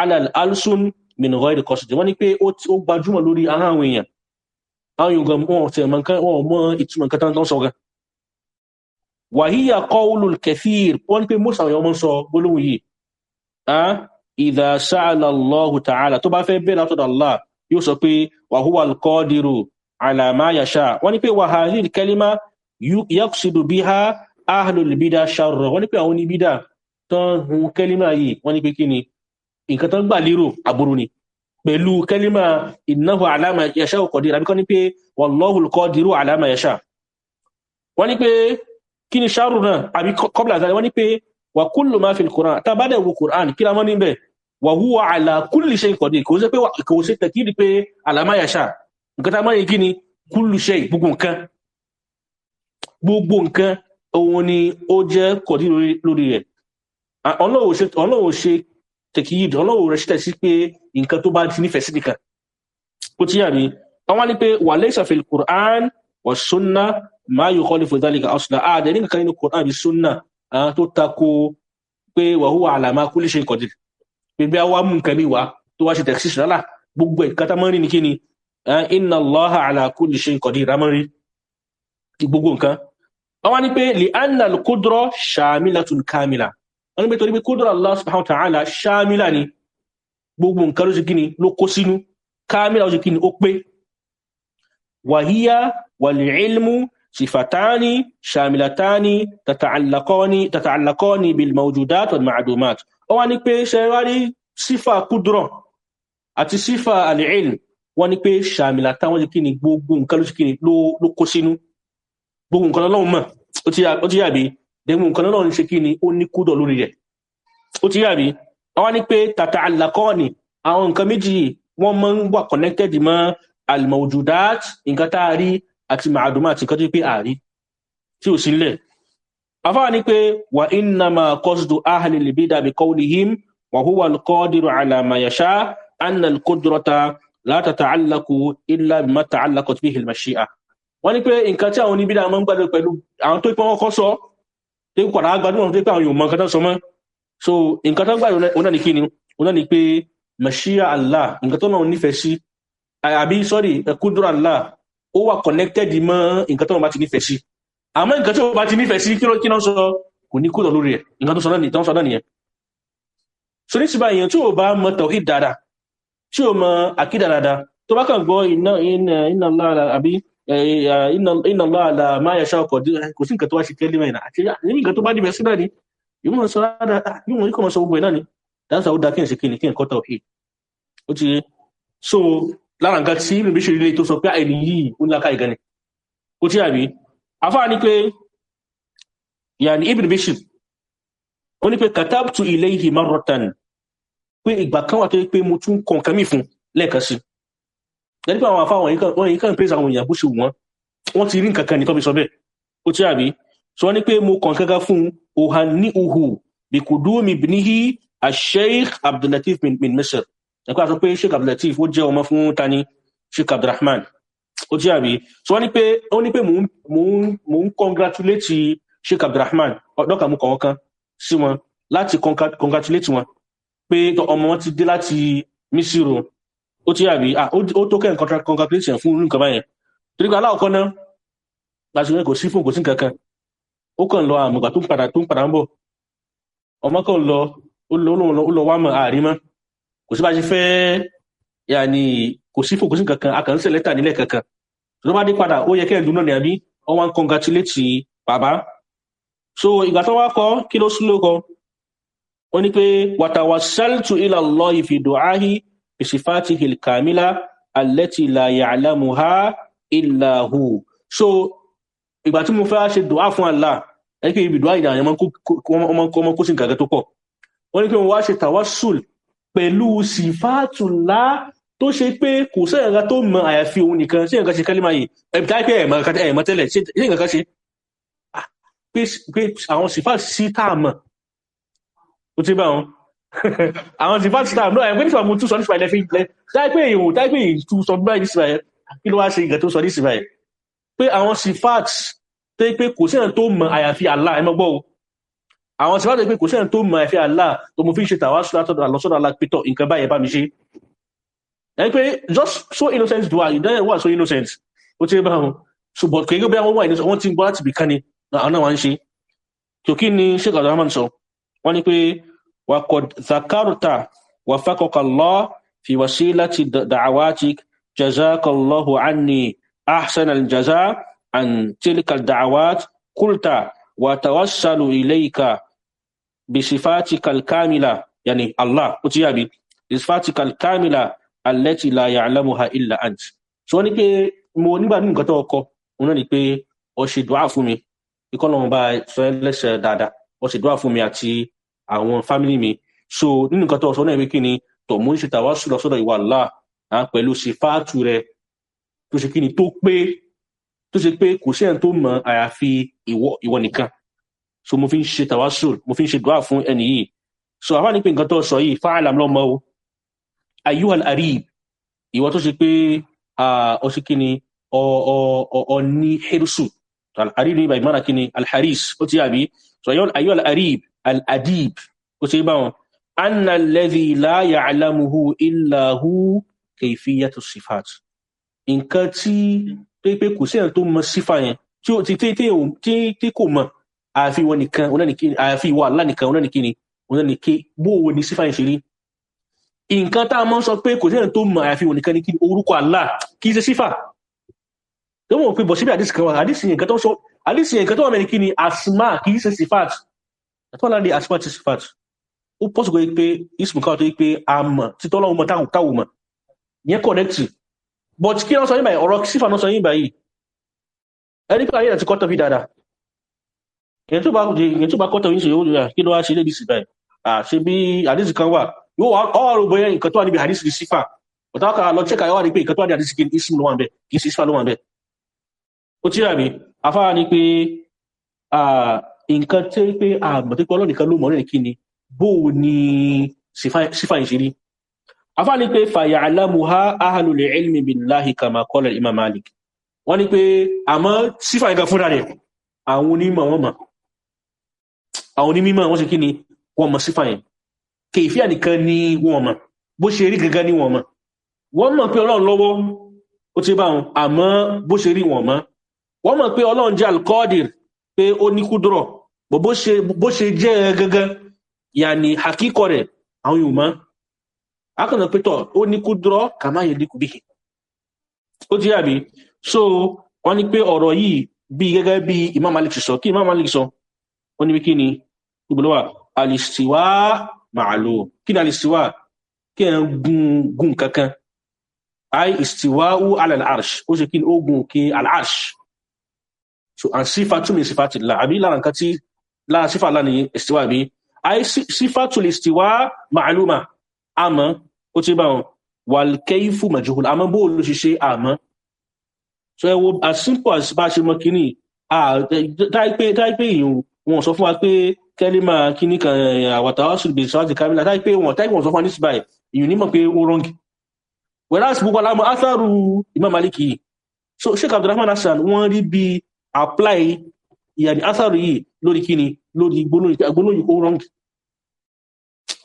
ala alsun min ghayri qasd wọ́n ní pé ó gbajúmọ̀ lórí ahọ́n àwọn èèyàn àwọn yóò gan wọn tẹ̀ mọ̀ ìtumọ̀ nǹkan tán sọ gan wàhíyà kọ́ọ̀lù kẹfíìr wọ́n ah, ta'ala tó bá fẹ́ bẹ́ẹ̀ látọ̀dọ̀ Allah yóò sọ pé wàhúwà kọ́ọ̀dìrò àlàmáyàṣà wọ́n ní pé wàhálì kẹlímà yọ́kùsìdò bí ha áhàlòlùbídà ṣàrọ̀ wọ́n ní pé àwọn oníbídà tán hun kẹlímà yìí wọ́n ní pé kí ni nǹkan tán gbà lérò àbúrú ni pẹ̀lú kẹlímà ìnáwó àlàmáyàṣà òkọ̀dìrò àbíkọ́ ni pé wa huwa ala kulli shay'in qadir kò ṣe pé kò ṣe tẹ̀kìrì pé àlàmáyàṣà nǹkan tá a máa yẹ kí ni kulli shay gbogbo nǹkan gbogbo nǹkan òun ni ó jẹ́ kọ̀dí lórí rẹ̀ ọlọ́wọ̀ ṣe tẹ̀kìyìd ọlọ́wọ̀ rẹ̀ ṣítẹ̀ sí pé nǹkan tó bá ti nífẹ̀ẹ́ sí nìkan ó ti yà mí àwọn ni pé wà laysa fil Qur'an wà sunna ma yukhalifu dhalika asla ààdẹ̀ ní kankan nínú Qur'an bí sunna tó tako pé wa huwa ala ma kulli bíbí a wá mú nǹkan ní wá tó wá ṣe tẹ̀sí ṣìlálà gbogbo nǹkan tá mọ́rin ní kí ni inna Allaha ala kulli shay'in qadir rámọ́rin gbogbo nǹkan wọ́n wá ní pé li anna al-qudra shamilatun kamila wọ́n ní pé torí pé qudra Allah subhanahu wa ó wá ní pé ṣẹwárí sífà kúdùrọ̀ àti sífà àlẹ́ẹ̀lì wọ́n ní pé ṣàmìlà táwọn jẹ́ kí ni gbogbo nǹkan ló kí ni ló kó sínú gbogbo nǹkan lọ́wọ́ mọ̀ ó ti yàbí dẹ̀gbogbo nǹkan lọ́wọ́ ń ṣe kí ni ó ní kúdọ̀ lórí rẹ̀ ó ti yàbí àwọn ní pé tàtà àlàkọ́ọ̀nì àwọn nǹkan méjì wọ́n mọ́ ń wà connected mọ́ almawjudat nǹkan tá a rí àti màdùmá àti nǹkan tó pé àárí tí ò sílẹ̀ afá ní pé wà innama qasdu ahli libida bi qawlihim wa huwa alqadiru ala ma yasha anna alqudrata la tata'allaqu illa bima ta'allaqat bihi almashi'a wọ́n ní pé nǹkan tí àwọn oníbídà máa ń gbádùn pẹ̀lú àwọn tó pẹ́ kọ́ sọ tí kò rà gbádùn wọn tó pẹ́ àwọn yòó mọ nǹkan tó sọ mọ́ so nǹkan tó gbádùn ọ̀nà ní ni ọ̀nà ní pé mashi'a Allah nǹkan tó náà nífẹ̀ẹ́ sí àbí sorry qudra Allah ó wà connected mọ́ nǹkan tó náà bá ti nífẹ̀ẹ́ sí àmọ́ nǹkan tí ó bá ti nífẹ̀ẹ́ sí kí ló sọ kò ní kúrò lórí ẹ̀ nǹkan tó sọ náà nìyẹn so ní síbá èèyàn tí ó bá mọ tawhid dáadáa tí ó mọ àkídà dáadáa tó bá kàn gbọ́ iná iná lára àbí iná lára máa yẹ ṣáà kọ̀dí kò sí nǹkan tó wá ṣe kẹ́lí mẹ́rin àti nǹkan tó bá ni yóò ah, mọ̀ sọ gbogbo ẹ̀ náà ni dáńsà so lára nǹkan tí ibi ṣe rí tó sọ pé àìní afá ní pé yàní ibn bishop ó ní pé katabtu ilayhi marratan pé ìgbà kan wà tó pé mo tún kọ nǹkan mí fún lẹ́ẹ̀kan sí lẹ́ni pé àwọn afá wọ̀nyí kan wọ̀nyí kan àwọn èèyàn bó ṣe wọ́n wọ́n ti rí nǹkan kan ní pé mo kàn kankan fún uhu bí kò dúró mi bìníhí asheikh abdulatif min misr ẹ̀kọ́ àti sheikh abdulatif ó jẹ́ ọmọ tani sheikh abdulrahman ó jẹ́ àbí so wọ́n ní pé wọ́n ní pé mò ń congratulate Sheikh Abdulrahman ọ̀dọ́kà mú kọ̀ọ̀kan kan sí wọn láti congratulate wọn pé ọmọ wọn ti dé láti mísírò ó ti àbí ó tó kẹ́ẹ̀ congratulation fún irú nǹkan báyẹn torí pé aláwọ̀kọ́ náà láti wọn kò sí fún kò sí nǹkan kan ó kàn lọ àmùgbà tó tó ń padà ń bọ̀ ọmọ kan lọ ó lọ wá mọ̀ kò sí bá ṣe fẹ́ kò sí fòkúsí kankan a kàn ń ṣe lẹ́tà nílẹ̀ kankan tó bá dé padà ó yẹ kẹ́ẹ̀dùn náà ní àbí wọ́n wá ń congratulate bàbá so ìgbà tó wá kọ́ kí ló sí ló ó ní pé watawassaltu ila Allah fi du'ahi bi sifatihi al-kamila allati la ya'lamuha illa so ìgbà tí mo fẹ́ ṣe dùá fún Allah ẹ̀kẹ́ ibi dùá ìdàyàn ọmọ kó sí nǹkan tó pọ̀ wọ́n ní pé wọ́n wá ṣe tawassul pẹ̀lú sifatullah tó ṣe pé kò sí ẹ̀ka tó mọ àyàfi òun nìkan sí ẹ̀ka ṣe kálímà yìí ẹ̀bùtáìpẹ́ ẹ̀mọ tẹ́lẹ̀ sí ẹ̀ka ṣe ah, pé àwọn sífà sí táàmù ó ti bá wọn àwọn sífà sí táàmù náà ẹ̀pẹ́ nípa mo tún sọ nípa ilẹ̀ fi ilẹ̀ táìpẹ́ ìwò táìpẹ́ ìtún sọ báyìí nípa ẹ̀ kí ló wá ṣe ìgbà tó sọ nípa ẹ̀ pé àwọn sífà sí Allah ẹ̀mọ́gbọ́ o àwọn sífà tó pé kò sí Allah tó mo fi ṣe tàwa sọ́dọ̀ àlọ́sọ́dọ̀ alápẹ́tọ̀ ẹ pé just so innocent do I ìdáyẹ̀ wà so innocent ó ti bá wọn ṣùgbọ́n kò gbé àwọn wà innocent wọ́n ti gbọ́ láti bìkan ni àwọn náà wá ń ṣe kò kí ni sheikh abdulrahman sọ wọ́n ní pé wà kò zakarta wà fákọkà lọ fi wà sí láti da'awatik jazakallahu anni ahsan aljaza an tilka da'awat kulta wa tawassalu ilayka bi sifatika alkamila yani allah ó ti yàbí sifatika alkamila allati la ya'lamuha illa ant so wọ́n ní pé mo nígbà ní nǹkan tó ọkọ̀ òun náà ni pé ó ṣe dùá fún mi ìkọlọ́run bá sọ ẹ́ lẹ́sẹ̀ dáadáa ó ṣe dùá fún mi àti àwọn fámìlì mi so nínú nǹkan tó sọ náà wí kí ni tọ̀ mú ṣe tàwa sùlọ sọ́dọ̀ ìwà Allah pẹ̀lú ṣe fáàtù rẹ tó ṣe kí ni tó pé tó ṣe pé kò sí ẹni tó mọ àyàfi ìwọ nìkan so mo fi ń ṣe tàwa sùl mo fi ń ṣe dùá fún ẹni yìí so àwa ní pé nǹkan tó sọ yìí fáàlà lọ́mọ o ayuhal arib ìwọ tó ṣe pé ọṣẹ kí ni ọ ní hirsu alharib ní ìbàmọ́ kí ni alharis ó ti àbí so ayuhal arib aladib ó ti bá wọn anna alladhi la ya'lamuhu illa hu kayfiyatu sifat nǹkan tí pé kò sí ẹ̀n tó mọ sífà yẹn tí kò mọ̀ àfi ìwọ nìkan onáníkíni nìkan onáníkíni bóòwò ní sífà yẹn ṣe rí nǹkan tá a mọ́ sọ pé kò sí ẹ̀rìn tó mọ̀ àyàfi òníkan ní orúkọ Allah kì í ṣe sífà tó mọ̀ pé bọ̀ síbẹ̀ àdìsí kan wà àdìsí nǹkan tó sọ àdìsí nǹkan tó wà mẹ́rin kí ni asma kì í ṣe sífàt àti wọn láti asma ti sífàt ó pọ́sùkò yìí pé ismu káwọn tó yìí pé a mọ̀ tí tọ́lọ́ ọmọ táwọn táwọn mọ̀ yẹn kọ̀nẹ́kìtì but kí wọ́n sọ yín báyìí ọ̀rọ̀ sífà náà sọ yín báyìí ẹni yóò wá ọ̀rọ̀ bóyá nǹkan tó wà níbi hadith di sífà ọ̀tá ọkà lọ chẹ́kà yọ́wà ní pé nǹkan tó wà ní hadith kìí sí ló wà ń bẹ̀ kìí sí sífà ló wà ń bẹ̀ ó tí rà mí afárá ni ọlọ́nìkan ló mọ̀rẹ́ kí ni bó ni sífà yìí ṣe rí afárá pé fàyà alámuha ahalul ilmi billahi kama qala imam malik wọ́n ni pé àmọ́ sífà yìí kan fúnra rẹ̀ àwọn onímọ̀ wọn wọ́n mọ̀ kèfíà nìkan ni wọ́n mọ̀ bó ṣe rí gangan ni wọ́n mọ̀ wọ́n mọ̀ pé ọlọ́run lọ́wọ́ ó ti bá wọn àmọ́ bó ṣe rí wọ́n mọ̀ wọ́n mọ̀ pé ọlọ́run jẹ́ alkọ́dìr pé ó ní kúdùrọ̀ bó ṣe jẹ́ gangan yàní hakíkọ rẹ̀ àwọn yòó mọ̀ akọ̀nà pétọ̀ so wọ́n ní pé ọ̀rọ̀ yìí bí gẹ́gẹ́ bí Imam Malik sọ ma'lum kí ni al-istiwa kí ẹ̀ gun gun kankan ay istiwa'u ala al-arsh ó ṣe kí ni ó gun kí al-arsh so an sifatu min sifatillah àbí lára nǹkan tí lára sífà láni istiwa bí ay sifatu al-istiwa ma'luma àmọ́ ó ti bá wọn wal kayfu majhul àmọ́ bó ló ṣe ṣe àmọ́ so ẹ as simple as bá ṣe mọ́ kíní táìpé èèyàn wọn sọ fún wa pé kẹ́límà kíní kan àwàtàwàsùn bí sọ́ọ́tì kámílà táì pé wọ́n táì wọ́n sọ fún ní síbáyì ìyún nímọ̀ pé ó rọ́ǹgì whereas gbogbo alámọ̀ atharu Imam Maliki yìí so Sheikh Abdulrahman Hasan wọ́n rí bí apply ìyàní atharu yìí lórí kíní lórí gbólóyìn ó rọ́ǹgì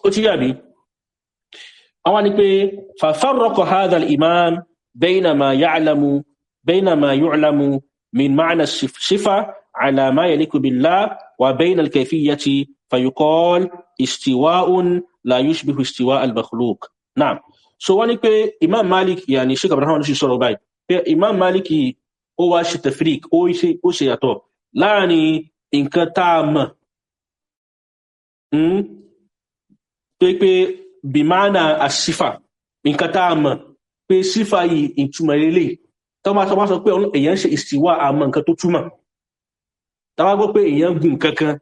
ó ti yàbí àwọn وبين الكيفية فيقال استواء لا يشبه استواء المخلوق نعم so wọ́n ní pé imam malik yàní sheikh abraham ló ṣe sọ̀rọ̀ báyìí pé imam malik ó wá ṣe tefrik ó ṣe yàtọ̀ láàrin nǹkan tá a mọ̀ hmm, pé pé bimana asifa nǹkan tá a mọ̀ pé sífà yìí ìtumọ̀ lélẹ̀ tó máa sọ pé èèyàn ṣe ìsìwà àmọ́ nǹkan tó túmọ̀ tàbá gbọ́ pé èèyàn gùn kankan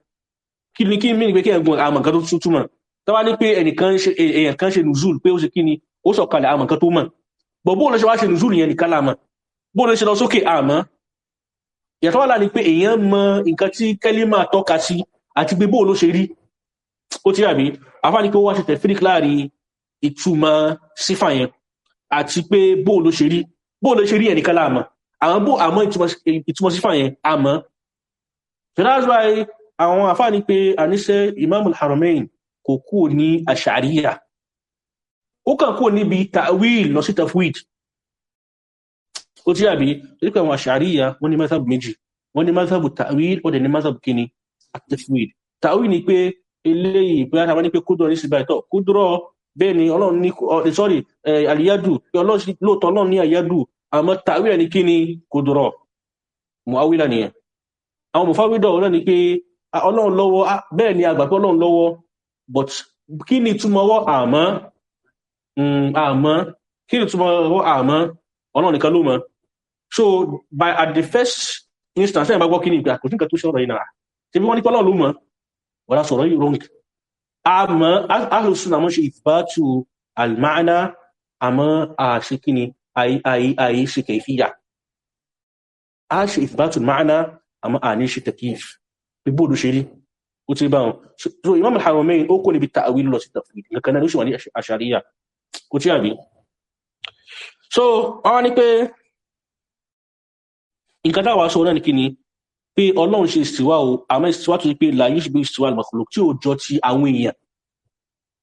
kí ni kí ni pé kí èèyàn gùn àmọ̀ nǹkan tó túmọ̀ tàbá ní pé èèyàn kan ṣe nùzúl pé ó ṣe kí ni ó sọ̀kalẹ̀ àmọ̀ nǹkan tó mọ̀ bọ̀ bóòlù ṣe wá ṣe nùzúl yẹn nìkan láàmọ̀ bóòlù ṣe lọ sókè àmọ́ ìyàtọ̀ wà láàrin pé èèyàn mọ nǹkan tí kẹ́límà tọ́ka sí àti pé bóòlù ṣe rí ó ti àbí afá ní pé ó wá ṣe tẹ̀fírík láàrin ìtumọ̀ sífà yẹn àti pé bóòlù ṣe rí bóòlù ṣe rí yẹn láàmọ̀ àmọ́ ìtumọ̀ sífà yẹn àmọ́ so that's why àwọn àfáà ní pé àníṣẹ́ imam al-haramain kò kúrò ní àṣàríyà ó kàn kúrò níbi ta'wil lọ sí tafwid ó tí àbí nípa àwọn àṣàríyà wọ́n ní mazhab méjì wọ́n ní mazhab ta'wil ó dẹ̀ ní mazhab kíni at-tafwid ta'wil ni pé eléyìí pé àtàwà ní eh, eh, pé kúdọ̀ ní síbà ìtọ̀ kúdọ̀ ni sorry àlìyádù lóòótọ́ ọlọ́run ní àyádù àmọ́ ta'wil ni kíni kúdọ̀ muawila nìyẹn àwọn mufawidọ̀ náà ni pé ọlọ́run lọ́wọ́ bẹ́ẹ̀ ni àgbà pé ọlọ́run lọ́wọ́ but kí ni túmọ̀ àmọ́ hmm, àmọ́ kí ni àmọ́ ọlọ́run nìkan ló so by at the first instance ẹ̀ bá gbọ́ kí ni ìgbà kò sí nǹkan tó ṣọ̀rọ̀ tí wọ́n ní ọlọ́run ló wọ́n á sọ̀rọ̀ yìí àmọ́ àmọ́ ṣe àmọ́ àṣekíni a ṣe àmọ́ àní ṣe tẹ̀kíf gbígbóòdó ṣe rí ó ti bá so imam al-haramain ó kò níbi ta'wil lọ sí tafwid nǹkan náà ó sì wà ní àṣàríyà ó tí àbí so wọ́n ní pé nǹkan táwà sọ náà ní kíni pé ọlọ́run ṣe ìsìwá o àmọ́ ìsìwá tó ti pé la yushbihu istiwa al-makhluq tí ó jọ ti àwọn èèyàn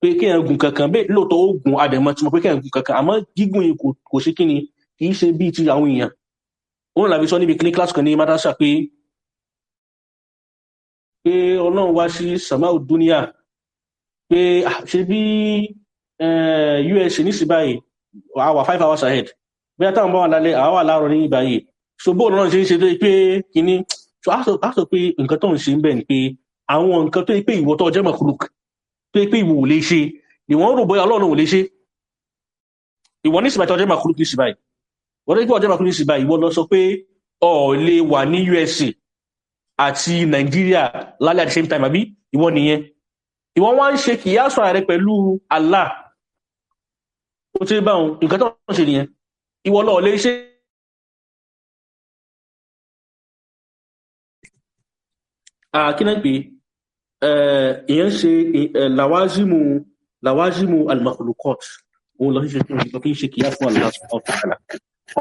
pe kí ẹ̀gùn kankan bẹ́ẹ̀ lóòótọ́ ó gùn adẹ̀mọ́ tí mo pé kí ẹ̀gùn kankan àmọ́ gígùn yìí kò ṣe kíni kì í ṣe bíi ti àwọn èèyàn òun làbí sọ níbi kíní kíláàsì kan ní madrasa pé pé ọlọ́run wá sí samau dunia pé ah, ṣe bí usa ní sí báyìí àwa five hours ahead bí a táwọn bá wà lálẹ́ àwa wà láàárọ̀ ní ìbáyìí so bóòlù náà ṣe ń ṣe tó pé kínní so a sọ pé nǹkan tó ń ṣe ń bẹ̀ ni pé àwọn nǹkan tó pé ìwọ tó jẹ́ mọ̀kúlùk tó pé ìwọ ò lè ṣe ni rò bóyá ọlọ́run ò lè ṣe ìwọ ní ìsìnbáyìí tó jẹ́ mọ̀kúlùk ní ìsìnbáyìí wọ́n tó jẹ́ mọ̀kúlùk ní ìsìnbáyìí ìwọ lọ sọ pé ó lè wà ní usa àti Nigeria, lálẹ́ at the same time àbí ìwọ nìyẹn ìwọ wá ń ṣe kìyà sọ ààrẹ pẹ̀lú Allah ó ti bá òun nǹkan tó ń ṣe nìyẹn ìwọ lọ lè ṣe àkínà pé ìyẹn ṣe làwázìmù làwázìmù al-makhluqat òun lọ sí ṣe kìyà fún Allah ọ̀fẹ́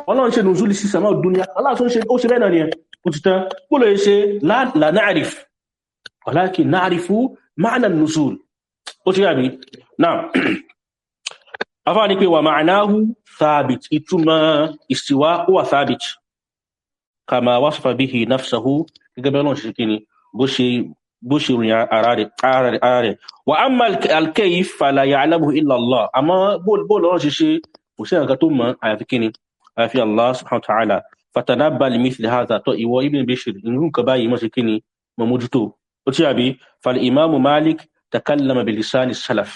ọlọ́run ṣe nùzúlì sí sàmà dúnìyà Allah tó ń ṣe ó ṣe bẹ́ẹ̀ náà nìyẹn òtítà kúlò ṣe la na'rif walakin na'rifu ma'na an-nuzul ó ti yàbí náà afá ní pé wà ma'nahu thabit ìtumọ̀ istiwa ó wà thabit kama wasafa bihi nafsahu gẹ́gẹ́ bẹ́ẹ̀ lọ́n ṣe kí ni bó ṣe rìn ara rẹ̀ wa amma al fatana bali mithli hadha tó ìwọ ibn bishir irú nǹkan báyìí mọ́ sí kí ni mo mójútó ó ti àbí fal imam malik takallama bilisani salaf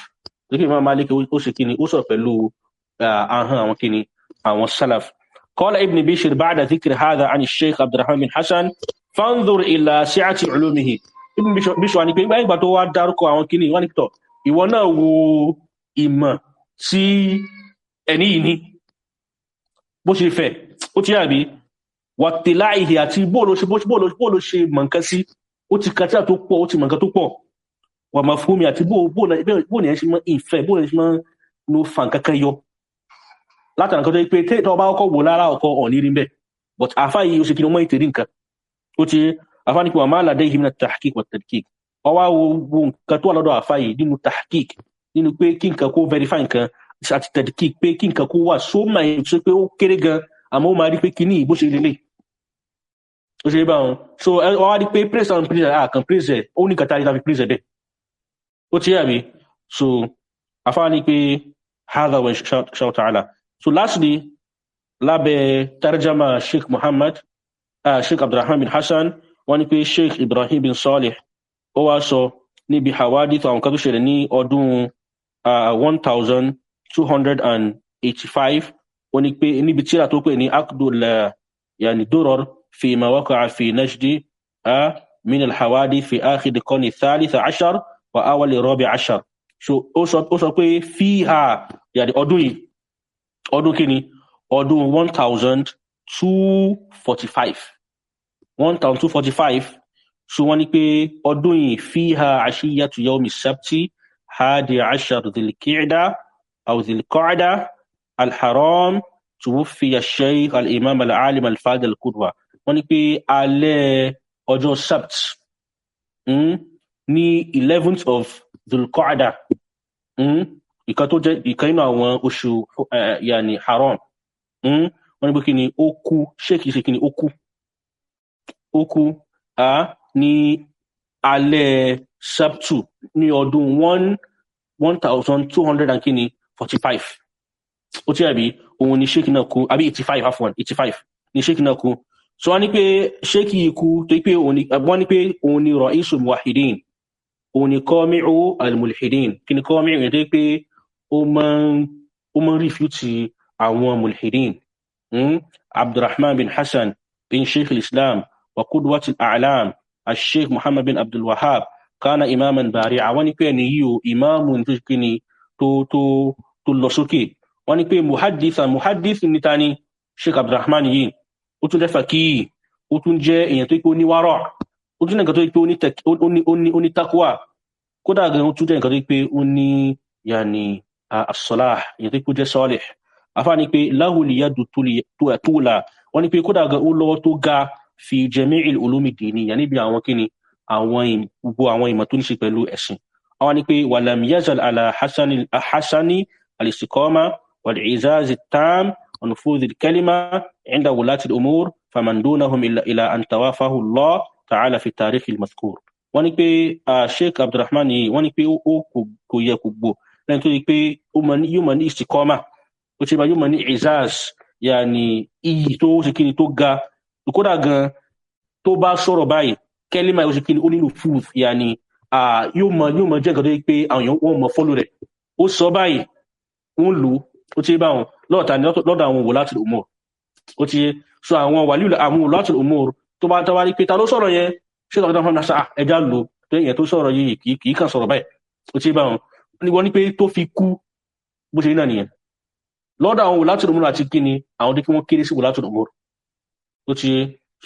lókè imam malik ó sì kí ni ó sọ pẹ̀lú ahọ́n àwọn kí ni àwọn salaf قال ابن بشير بعد ذكر هذا عن الشيخ عبد الرحمن بن حسن فانظر الى سعه علومه ابن بشير wá ní pé ìgbà tó wá dárúkọ àwọn kí ni wọ́n ní tó ìwọ wo ìmọ̀ tí ẹni yìí ní bó ṣe fẹ̀ ti àbí wàtílá ìhè àti bóòlò ṣe bóòlò ṣe mọ̀nkan sí ó ti kàtí àtó pọ̀ ó ti mọ̀nkan tó pọ̀ wà máa fún mi àti bóòlò ẹ̀ ṣe mọ́ ìfẹ́ bóòlò ẹ̀ ṣe mọ́ ló fa nǹkankan yọ látàrí nǹkan tó yẹ pé ni ọmọ ìtẹ̀rí nǹkan ó ti àfa ní pé wà máa làdé yìí nínú tahqiq wa tadqiq ọwá wo nǹkan tó wà lọ́dọ̀ àfa yìí nínú tahqiq nínú pé kí nǹkan kó verify nǹkan àti tadqiq pé kí nǹkan kó wà só máa ṣe pé ó kéré gan àmọ́ máa rí pé kíní ìbó ṣe lélẹ̀ ó ṣe bá wọn so wọ́n wá rí pé praise and praise ah kan praise ẹ̀ ó ní kàtà rí praise ẹ̀ bẹ́ẹ̀ ó ti yàbí so afá ní pé hadha wa shaw ta'ala so lastly lábẹ́ tarjama sheikh muhammad uh, sheikh abdulrahman bin hassan wọ́n ní pé sheikh ibrahim bin salih ó wá sọ níbi hawadith àwọn kan tó ṣẹlẹ̀ ní ọdún ah, one thousand two ó ní pé níbi tíra tó pè ní akdul ah, yani doror فيما وقع في نجد من الحوادث في آخر القرن الثالث عشر وأول الرابع عشر so ó sọ ó sọ pé fíhà yàrá ọdún yìí ọdún kìíní ọdún one thousand two forty five one thousand two forty five so wọ́n ní pé ọdún yìí fíhà àṣìyàtú yaomi sabti hadi ashar dhilkida aw dhilqaada alharam tuwufiya sheikh al-imam al-alim al-fadl al-qudwa wọ́n ní pé alẹ́ ọjọ́ sabt hmm, ní eleventh of zulqaada hmm, ìkan tó jẹ́ ìkan nínú àwọn oṣù eh, yanni haram hmm, wọ́n ní pé kí ni ó kú ṣéèkì ṣe kí ni ó kú ó kú a ní alẹ́ sabtu ní ọdún one one thousand two hundred and kini forty five ó tí àbí òun ni ṣéèkì náà kú àbí eighty five half one eighty five ni ṣéèkì náà kú so wọ́n ní pé ṣéèkì ikú tó pé wọ́n ní pé òun ni ra'isul muwahhidin òun ni qami'u al-mulhidin kí ni qami'u yẹn tó pé ó máa ń rìfútì àwọn mulhidin hmm? abdulrahman bin hassan bin sheikh islam wa qudwat al-a'lam al-sheikh muhammad bin abdul wahab kana imaman bari'a wọ́n ní pé ẹni yìí imamun tó kí tó lọ sókè wọ́n ní pé muhaddisa muhaddis ni ta ni sheikh abdulrahman yìí ó tún jẹ́ fàkíì ó tún jẹ́ èèyàn tó pé ó ní wárọ̀ ó tún jẹ́ nǹkan tó pé ó ní takuwa kódà gan ó tún jẹ́ nǹkan tó pé ó ní yàní as èèyàn tó pé jẹ́ salih afá ni pé láhùlì wọ́n ni pé kódà عند ولاة الأمور فمن دونهم إلا إلى أن توافه الله تعالى في التاريخ المذكور wọ́n ní pé sheik abdulrahman yìí wọ́n ní pé ó kò yẹ kò gbò lẹ́yìn tó ní pé yóò mọ̀ ní istikoma ó ṣe bá yóò mọ̀ ní izaz yàní iyì tó ṣe kí ni tó ga kódà gan tó bá sọ̀rọ̀ báyìí kẹ́límà ó ṣe kí ni ó nílò fúf yàní yóò yóò mọ̀ jẹ́ nǹkan tó yẹ pé àwọn èèyàn wọ́n mọ̀ fọ́lù rẹ̀ ó sọ báyìí ń lù ó ṣe báwọn lọ́ọ̀ta ni lọ́dọ̀ àwọn wò láti lò ó ti sọ àwọn wàlíù àwọn olóòtú umur tó bá tọ́wá rí pé ta ló sọ̀rọ̀ yẹn ṣé tọ́ka tán fún nasa ẹja lò tó yẹn tó sọ̀rọ̀ yìí kì í kàn sọ̀rọ̀ báyìí ó ti bá wọn wọ́n ní pé umur àti kíni àwọn díkí wọ́n kéré umur ó ti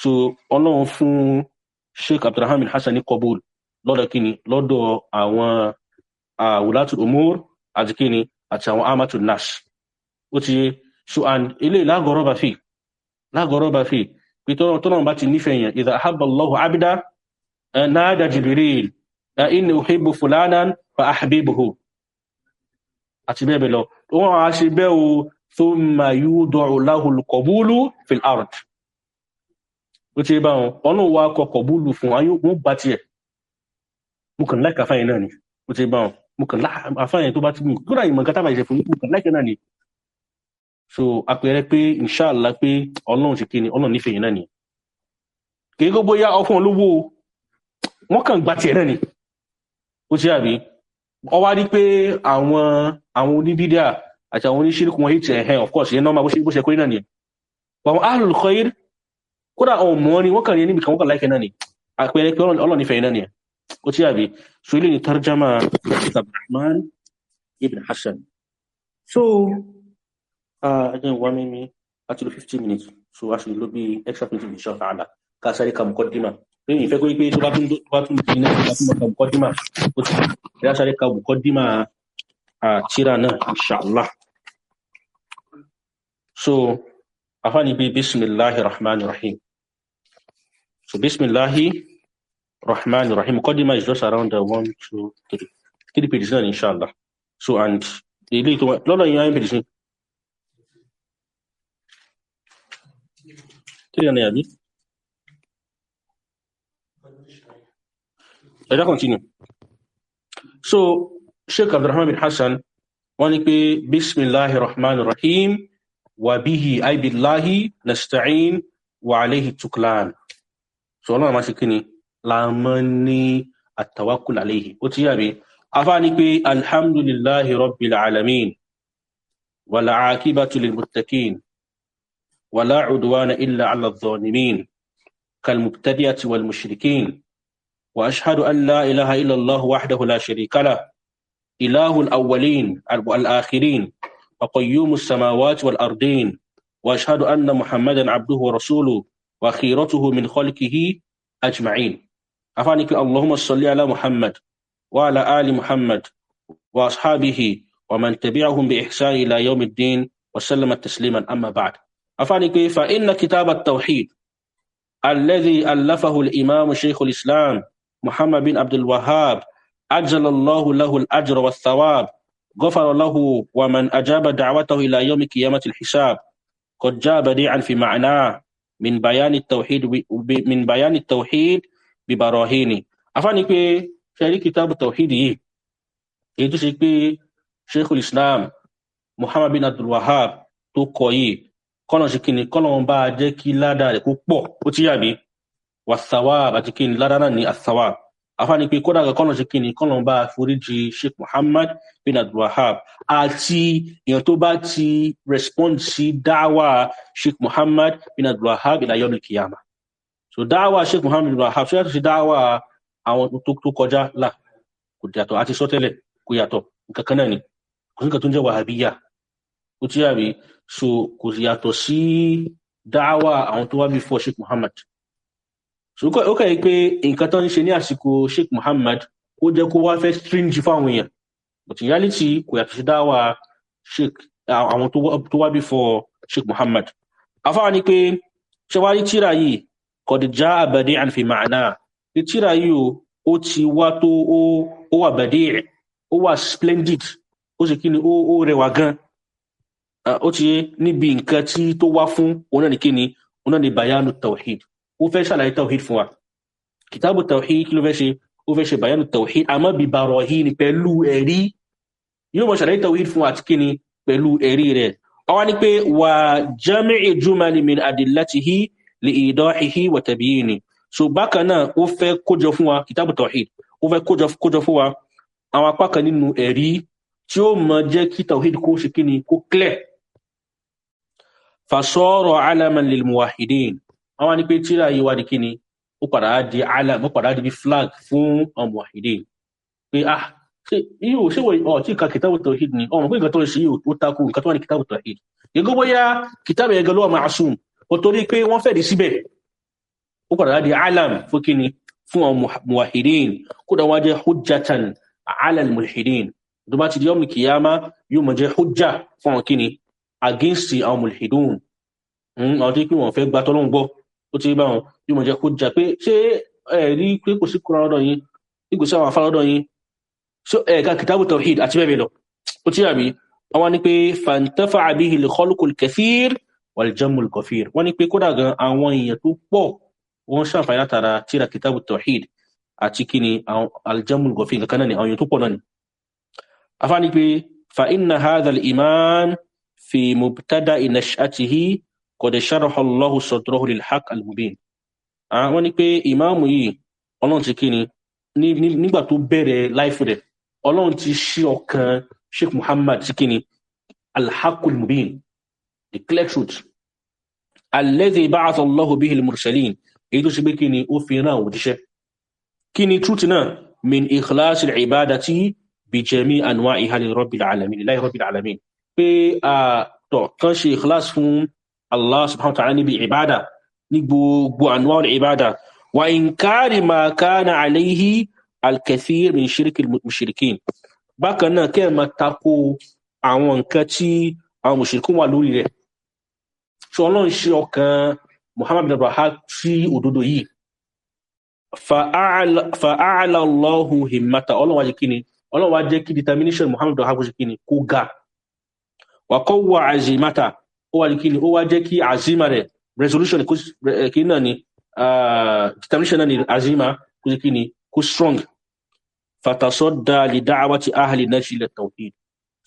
so ọlọ́run fún sheikh abdulrahman bin hasan ní kọbul lọ́dọ̀ kíni lọ́dọ̀ àwọn olóòtú umur àti kíni àti àwọn amatul nas so and eléyìí lágọ̀ọ́rọ̀ bá fi lágọ̀rọ̀ bá fi pítọ́rọ̀ bá ti nífẹ̀yàn ìdá àhábàláhù abdá eh, náàdà jìbìrìl eh, inú òhìbò fulanan fa àhàbìbòhù àti bẹ́ẹ̀bẹ̀ lọ wọ́n a ṣe bẹ́ o tó ma yíó dọ̀rọ̀ láhùl kọbúlù fil ard ó ti bá wọn ọ̀nà wa kọ kọbúlù fún ayó mú so àpẹẹrẹ pé inṣàlá pé ọlọ́run ṣe kí ni ọlọ́run nífẹ̀ẹ́ yẹn náà nìyẹn kì í gbogbo yá ọkùnrin olówó wọn kàn gba tiẹ̀ náà ni ó ṣe àbí ọ wá rí pé àwọn àwọn oníbídà àti àwọn oníṣírìkù wọn hìtì ẹ̀hẹ́n of course yẹn náà máa bó ṣe bó ṣe kórè náà nìyẹn àwọn ahlul khair kódà àwọn ọmọ ni wọn kàn ní níbi kan wọn kàn láìkẹ náà ni àpẹẹrẹ pé ọlọ́run nífẹ̀ẹ́ náà nìyẹn ó ṣe àbí so ilé ni tarjama Abdulrahman ibn Hassan so ẹjẹ́ ìwà mímí láti Actually, fifty minutes so actually, ṣe lo bí extra twenty minutes Inshallah, àdá ká sáré ka mukọ́dìmà if ìfẹ́ go to pé tó bá tún tó bá tún di náà tó bá tún ka mukọ́dìmà ó ti rí sáré ka mukọ́dìmà àtìrà náà inṣàlá. so afáàní bíi bisimilahi rahman rahim so bisimilahi rahman rahim mukọ́dìmà is just around the one two three three pages náà inṣàlá so and ilé ìtọ́wọ́ lọ́dọ̀ yìí wọ́n á ń pèsè 3 àbí. ẹ̀dá continue so sheikh abdulrahman bin hassan wọ́n ní pé bismillahir rahmanir rahim wa bihi aibillahi nasta'in wa alayhi tuklan so ọlọ́run ma ṣe kí ni láàmọ́ ní àtàwákùl alayhi ó ti yàbí afá ní pé alhamdulillahi rabbil alamin wal aqibatu lil ولا عدوان إلا على الظالمين كالمبتدئة والمشركين وأشهد أن لا إله إلا الله وحده لا شريك له إله الأولين والآخرين وقيوم السماوات والأرضين وأشهد أن محمدا عبده ورسوله وخيرته من خلقه أجمعين أفانك اللهم صل على محمد وعلى آل محمد وأصحابه ومن تبعهم بإحسان إلى يوم الدين وسلم تسليما أما بعد أفاني كيف إن كتاب التوحيد الذي ألفه الإمام شيخ الإسلام محمد بن عبد الوهاب أجل الله له الأجر والثواب غفر له ومن أجاب دعوته إلى يوم قيامة الحساب قد جاء بديعا في معناه من بيان التوحيد من بيان التوحيد ببراهين أفاني كيف شاري كتاب التوحيد يتشك شيخ الإسلام محمد بن عبد الوهاب تقوي kọ́nà ṣe kí ni kọ́nà wọn bá jẹ́ kí ládàá rẹ̀ kó pọ̀ ó ti yàbí wàsáwà àti kí ni ládàá náà ní àsáwà afáni pé kódà kọ́nà ṣe kí ni kọ́nà wọn bá foríjì Sheikh Muhammad bin Abdulwahab àti èèyàn tó bá ti respond sí dáwà Sheikh Muhammad bin Abdulwahab ìlàyọ́nù kìyàmà so dáwà Sheikh Muhammad bin Abdulwahab ṣe yàtọ̀ sí dáwà àwọn tó kọjá là kò yàtọ̀ àti sọ́tẹ́lẹ̀ kò yàtọ̀ nǹkan kan náà ni kò sí nǹkan tó ń jẹ́ wàhábíyà ó ti yàbí so kò yàtọ̀ sí dáwà àwọn tó wá before Sheikh Muhammad so ó kẹ́ pé nǹkan tó ń ṣe ní àsìkò Sheikh Muhammad ó jẹ́ kó wá fẹ́ strange fáwọn èèyàn but in reality kò yàtọ̀ sí dáwà Sheikh àwọn tó wá before Sheikh Muhammad afáwa ni pé ṣe wá rí tíra yìí kọ̀dìjá àbàdí àǹfì màánà ní tíra yìí o ó ti wá tó ó wà bàdí ó wà splendid ó sì kí ni ó rẹwà gan-an ó ti yé níbi nǹkan tí tó wá fún òun náà ní kíni òun náà ní bayanu tawhid ó fẹ́ ṣàlàyé tawhid fún wa kìtàbù tawhid kí ló fẹ́ ṣe ó fẹ́ ṣe bayanu tawhid àmọ́ bí bàrọ̀ yìí ni pẹ̀lú ẹ̀rí yóò mọ̀ ṣàlàyé tawhid fún wa àti kíni pẹ̀lú ẹ̀rí rẹ̀ ọwá ní pé wà jami'i jumali min adillatihi li idahihi wa tabyini so bákan náà ó fẹ́ kójọ fún wa kìtàbù tawhid ó fẹ́ kójọ fún wa àwọn apá kan nínú ẹ̀rí tí ó mọ jẹ́ kí tawhid kó ṣe kíni kó clear fasọ́rọ̀ alaman lil muwahidin wọ́n wá ní pé tíra yìí wá di kíni ó padà di alam ó padà di bí flag fún ọmọ muwahidin pé ah yíò ṣé wọ́n ọ̀ tí ka kìtàbù tawhid ni ọmọ pé nǹkan tó ń ṣe yíò ó takú nǹkan tó wà ní kìtàbù tawhid gẹ́gẹ́ bóyá kìtàbù yẹn gẹ́lọ́ ma'asum ó torí pé wọ́n fẹ́ di síbẹ̀ ó padà di alam fún kíni fún ọmọ muwahidin kódà wọ́n jẹ́ hujjatan ala al tó bá ti di ọmọ kìyàmá yóò mọ̀ jẹ́ hujja fún ọkíni against àwọn mulhidun hmm, àwọn tí wọ́n fẹ́ gba tọ́lọ́run gbọ́ ó ti bá wọn yóò mọ̀ jẹ́ kó jà pé ṣé ẹ̀rí pé kò sí kúrò lọ́dọ̀ yín ní kò sí àwọn afárá lọ́dọ̀ yín ṣó ẹ̀ka kìtàbù tawhid àti bẹ́ẹ̀ bẹ́ẹ̀ lọ ti àbí wọ́n ní pé fantafa abihi al-khalqul kathir wal-jamul kathir wọ́n ní pé kódà gan àwọn èèyàn tó pọ̀ wọ́n ṣàǹfààní látara tíra kìtàbù tawhid àti kí al-jamul kathir kankan náà ni àwọn èèyàn tó pọ̀ náà fa inna hadha al-iman في mubtada nash'atihi qad sharaha Allahu sadrahu lil haqq al mubin àwọn ni pé ìmáàmù yìí ọlọ́run ti kí ni nígbà tó bẹ̀rẹ̀ láìfù rẹ̀ ọlọ́run ti ṣí ọkàn sheikh muhammad ti kí ni al haqq al mubin the clear truth alladhi ba'atha Allahu bihi al mursalin èyí tó ṣe pé kí ni ó fi rán òjíṣẹ́ kí ni truth náà min ikhlas ibadati bi jami' anwa'iha li rabbil alamin lillahi rabbil alamin pé àtọ̀ kan ṣe ikhlas fún Allah subhanahu wa ta'ala níbi ìbádà ní gbogbo anwar ìbádà wa inkari ma kana alayhi al-kathir min shirki al-mushrikin bákan náà kẹ́ ma tako wà lórí rẹ̀ tí ọlọ́run ṣe ọkàn Muhammad bin Abdul sí himmata ọlọ́run jẹ́ kí determination Muhammad bin Abdul ga wa qawwa azimata ó wà ní kí ni ó wá jẹ́ kí azima rẹ̀ resolution eh, kí náà ni ah, determination náà ni azima kó sí kí ni kó strong fatasadda li da'wati ahli najdi ila tawhid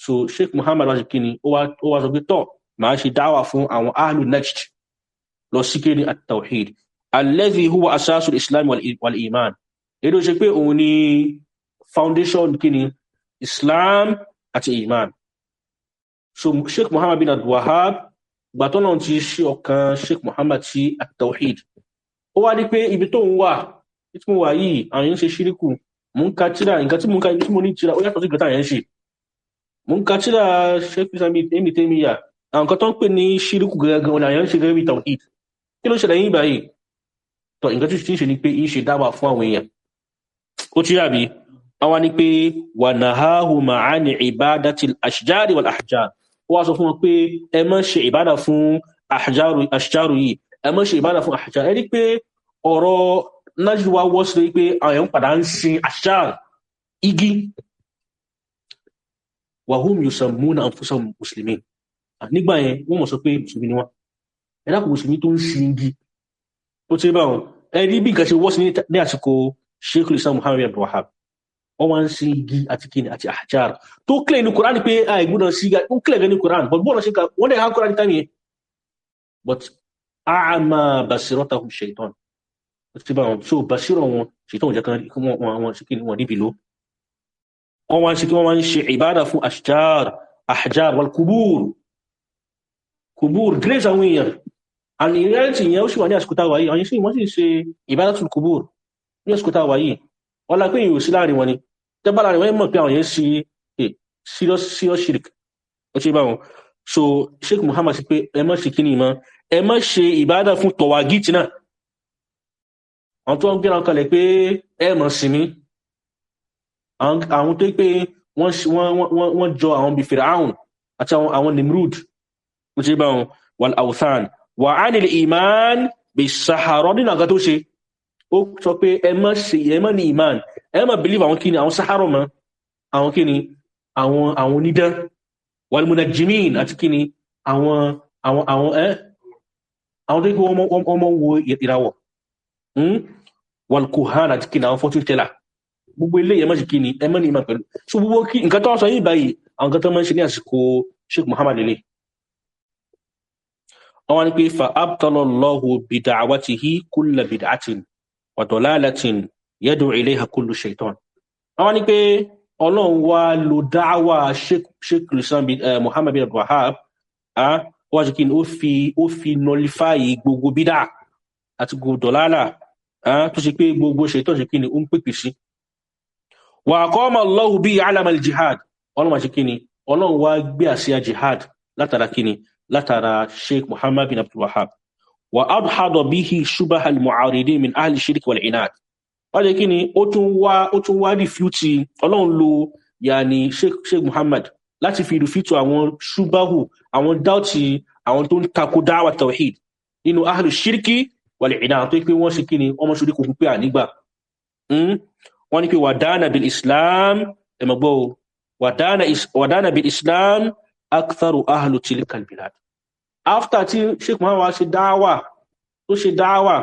so sheikh muhammad wá sí kí ni ó wá sọ pé tọ́ máa ṣe dáwà fún àwọn ahli najd lọ sí kí ni at-tawhid alladhi huwa asasul islam wal iman èdè ṣe pé òun ni foundation kí ni islam àti iman so sheikh muhammad bin abdulwahab gbàtọ́nà ti ṣe ọkàn sheikh muhammad sí at-tawhid ó wá ní pé ibi tó ń wà tí mo wà yìí àwọn yẹn ń ṣe ṣíríkù mò ń ka tíra nǹkan tí mo ń ka ibi tí mo ní tíra ó yàtọ̀ sí ìgbà yẹn ṣe mò ń ka tíra sheikh isami emi temiya àwọn nǹkan tó ń pè ní ṣíríkù gẹ́gẹ́ wọn àwọn ṣe gẹ́gẹ́ bí tawhid kí ló ṣẹlẹ̀ yín báyìí tọ nǹkan tó ṣe ni pé ń dáwà fún àwọn èèyàn ó ti rà àwọn ni pé wà náà hù màá ní ibadatil ashjari ó wá sọ fún wọn pé ẹ má ṣe ìbádà fún àṣàrò yìí ẹ má ṣe ìbádà fún àṣàrò ẹ rí pé ọ̀rọ̀ nájúwa wọ́ sí pé àwọn èèyàn padà ń sin àṣàrò igi wàhùn yusammuna anfusahum muslimin nígbà yẹn wọ́n mọ̀ sọ pé mùsùlùmí ni wọ́n ẹ dákun mùsùlùmí tó ń sin igi ó ti bá wọn ẹ rí bí nǹkan ṣe wọ́ sí ní àsìkò Sheikhul Islam Muhammad abdulwahab wọ́n wá ń sí igi àti kìnì àti àjára tó kílẹ̀ ní koran pé àìgbọ́dọ̀ sí igi ó kílẹ̀ gan ní koran but bọ́ọ̀lọ́ sí ká wọ́n dẹ̀ hàn koran tàbí but àmà basirọ́ta hù ṣètọ́n ti bá wọn so basirọ́ wọn ṣètọ́n jẹ́ kan wọn sí kìnì wọn níbi ló wọ́n wá ń sí kí wọ́n wá ń ṣe ìbádà fún àṣjáàr àjáàr wal kubur kubur grace àwọn èèyàn and in reality yẹn ó sì wà ní àsìkò táwa yìí àwọn yẹn sì sì ṣe ìbádà tún kubur ní àsìkò táwa yìí ọlá pé ìwòsí láàrin wọn ni tẹ́bàlá rẹ̀ wọ́n mọ̀ pé àwọn yẹn sí eh, serious serious shirk ó ṣe so sheikh muhammad sí pé ẹ má ṣe kíní mọ́ ẹ má ṣe ìbádà fún tọ̀wà gíìtì náà àwọn tó ń gbéra kalẹ̀ pé ẹ mọ̀ sí mi àwọn tó pé wọ́n jọ àwọn bíi firaun àti àwọn nimrud ó ṣe wal awthan wà á nílẹ̀ iman bí sahara nínú àga tó ṣe ó sọ pé ẹ má ní iman ẹ má believe àwọn kíni àwọn sahara mọ́ àwọn kíni àwọn àwọn onídán walimuna jimin àti kíni àwọn àwọn àwọn ẹ àwọn tó ń kó ọmọ wo ìràwọ̀ hmm? walkuhan àti kíni àwọn fortune teller gbogbo ilé yẹn má ṣe kíni ẹ má ní ìmọ̀ pẹ̀lú so gbogbo kí nǹkan tó sọ yìí báyìí àwọn nǹkan tó máa ń ní àsìkò sheikh muhammad lele wọ́n ní pé fa abtalallahu bid'awatihi kulla bid'atin wa dalalatin yẹ́dù ilayha kullu shaitan. Àwọn ni pé ọlọ́run wá lo dáwà Sheikh Christian eh, Muhammad bin Abdulwahab wá ṣe kí ni ó fi nọlifáì gbogbo bídà àti gbogbo dọ̀lálà tó ṣe pé gbogbo shaitan ṣe kí ni ó ń pèpè sí. Wa aqama Allahu bihi alama al-jihad ọlọ́run wá ṣe kí ni ọlọ́run wá gbé àsíá jihad látara kí wọ́n jẹ́ kí ni ó tún wá ó tún wá rìfútì ọlọ́run lo yàní sheikh muhammad láti fi rìfútì àwọn ṣubahu àwọn dáùtì àwọn tó ń takò dáwà tawhid nínú ahlu shirki wàlẹ̀ ìdá tó pé wọ́n ṣe kí ni ọmọ ṣorí kò pé ànígbà hmm? wọ́n ní pé wàdánà bil islam ẹ̀mọ̀gbọ́ o wàdánà bil islam aktharu ahlu tilkal bilad after tí sheikh muhammad ṣe dáwà tó ṣe dáwà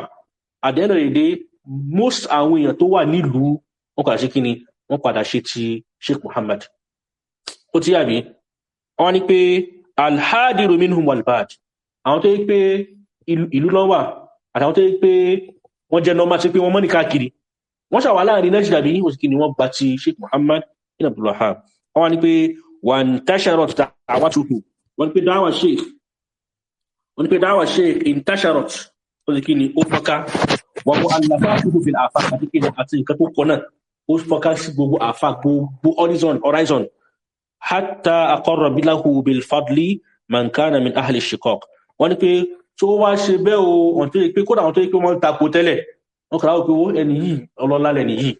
at the end of the day most àwọn èèyàn tó wà nílùú wọn padà ṣe kí ni wọn padà ṣe ti Sheikh Muhammad ó ti yàbí wọn ni pé alhadiru minhum walbad àwọn tó yí pé ìlú lọ wà àtàwọn tó yí pé wọ́n jẹ́ nọ́mà tí pé wọ́n mọ́ni káàkiri wọ́n ṣàwà láàrin náà jìdàbí ní òsìkí ni wọ́n gba ti Sheikh Muhammad ibn Abdul Wahhab wọ́n wá ní pé wọ́n tasharot da'watuhu wọ́n pé dáwà Sheikh wọ́n pé dáwà Sheikh in tasharot òsìkí ni ó fọ́ká wà wọ àlàfà àtúkò fi àfà àtìkéde àti nǹkan tó kọ náà ó fọ́ká sí gbogbo àfà gbogbo horizon horizon hatta akọrọ bilahu bill fadli mankana min ahli shikok wọ́n ní pé tó wá ṣe bẹ́ẹ̀ o ọ̀n tó yẹ pé kódà àwọn tó yẹ pé wọ́n ń takò tẹ́lẹ̀ wọ́n kàrà òkè owó ẹni yìí ọlọ́lá lẹ́ni yìí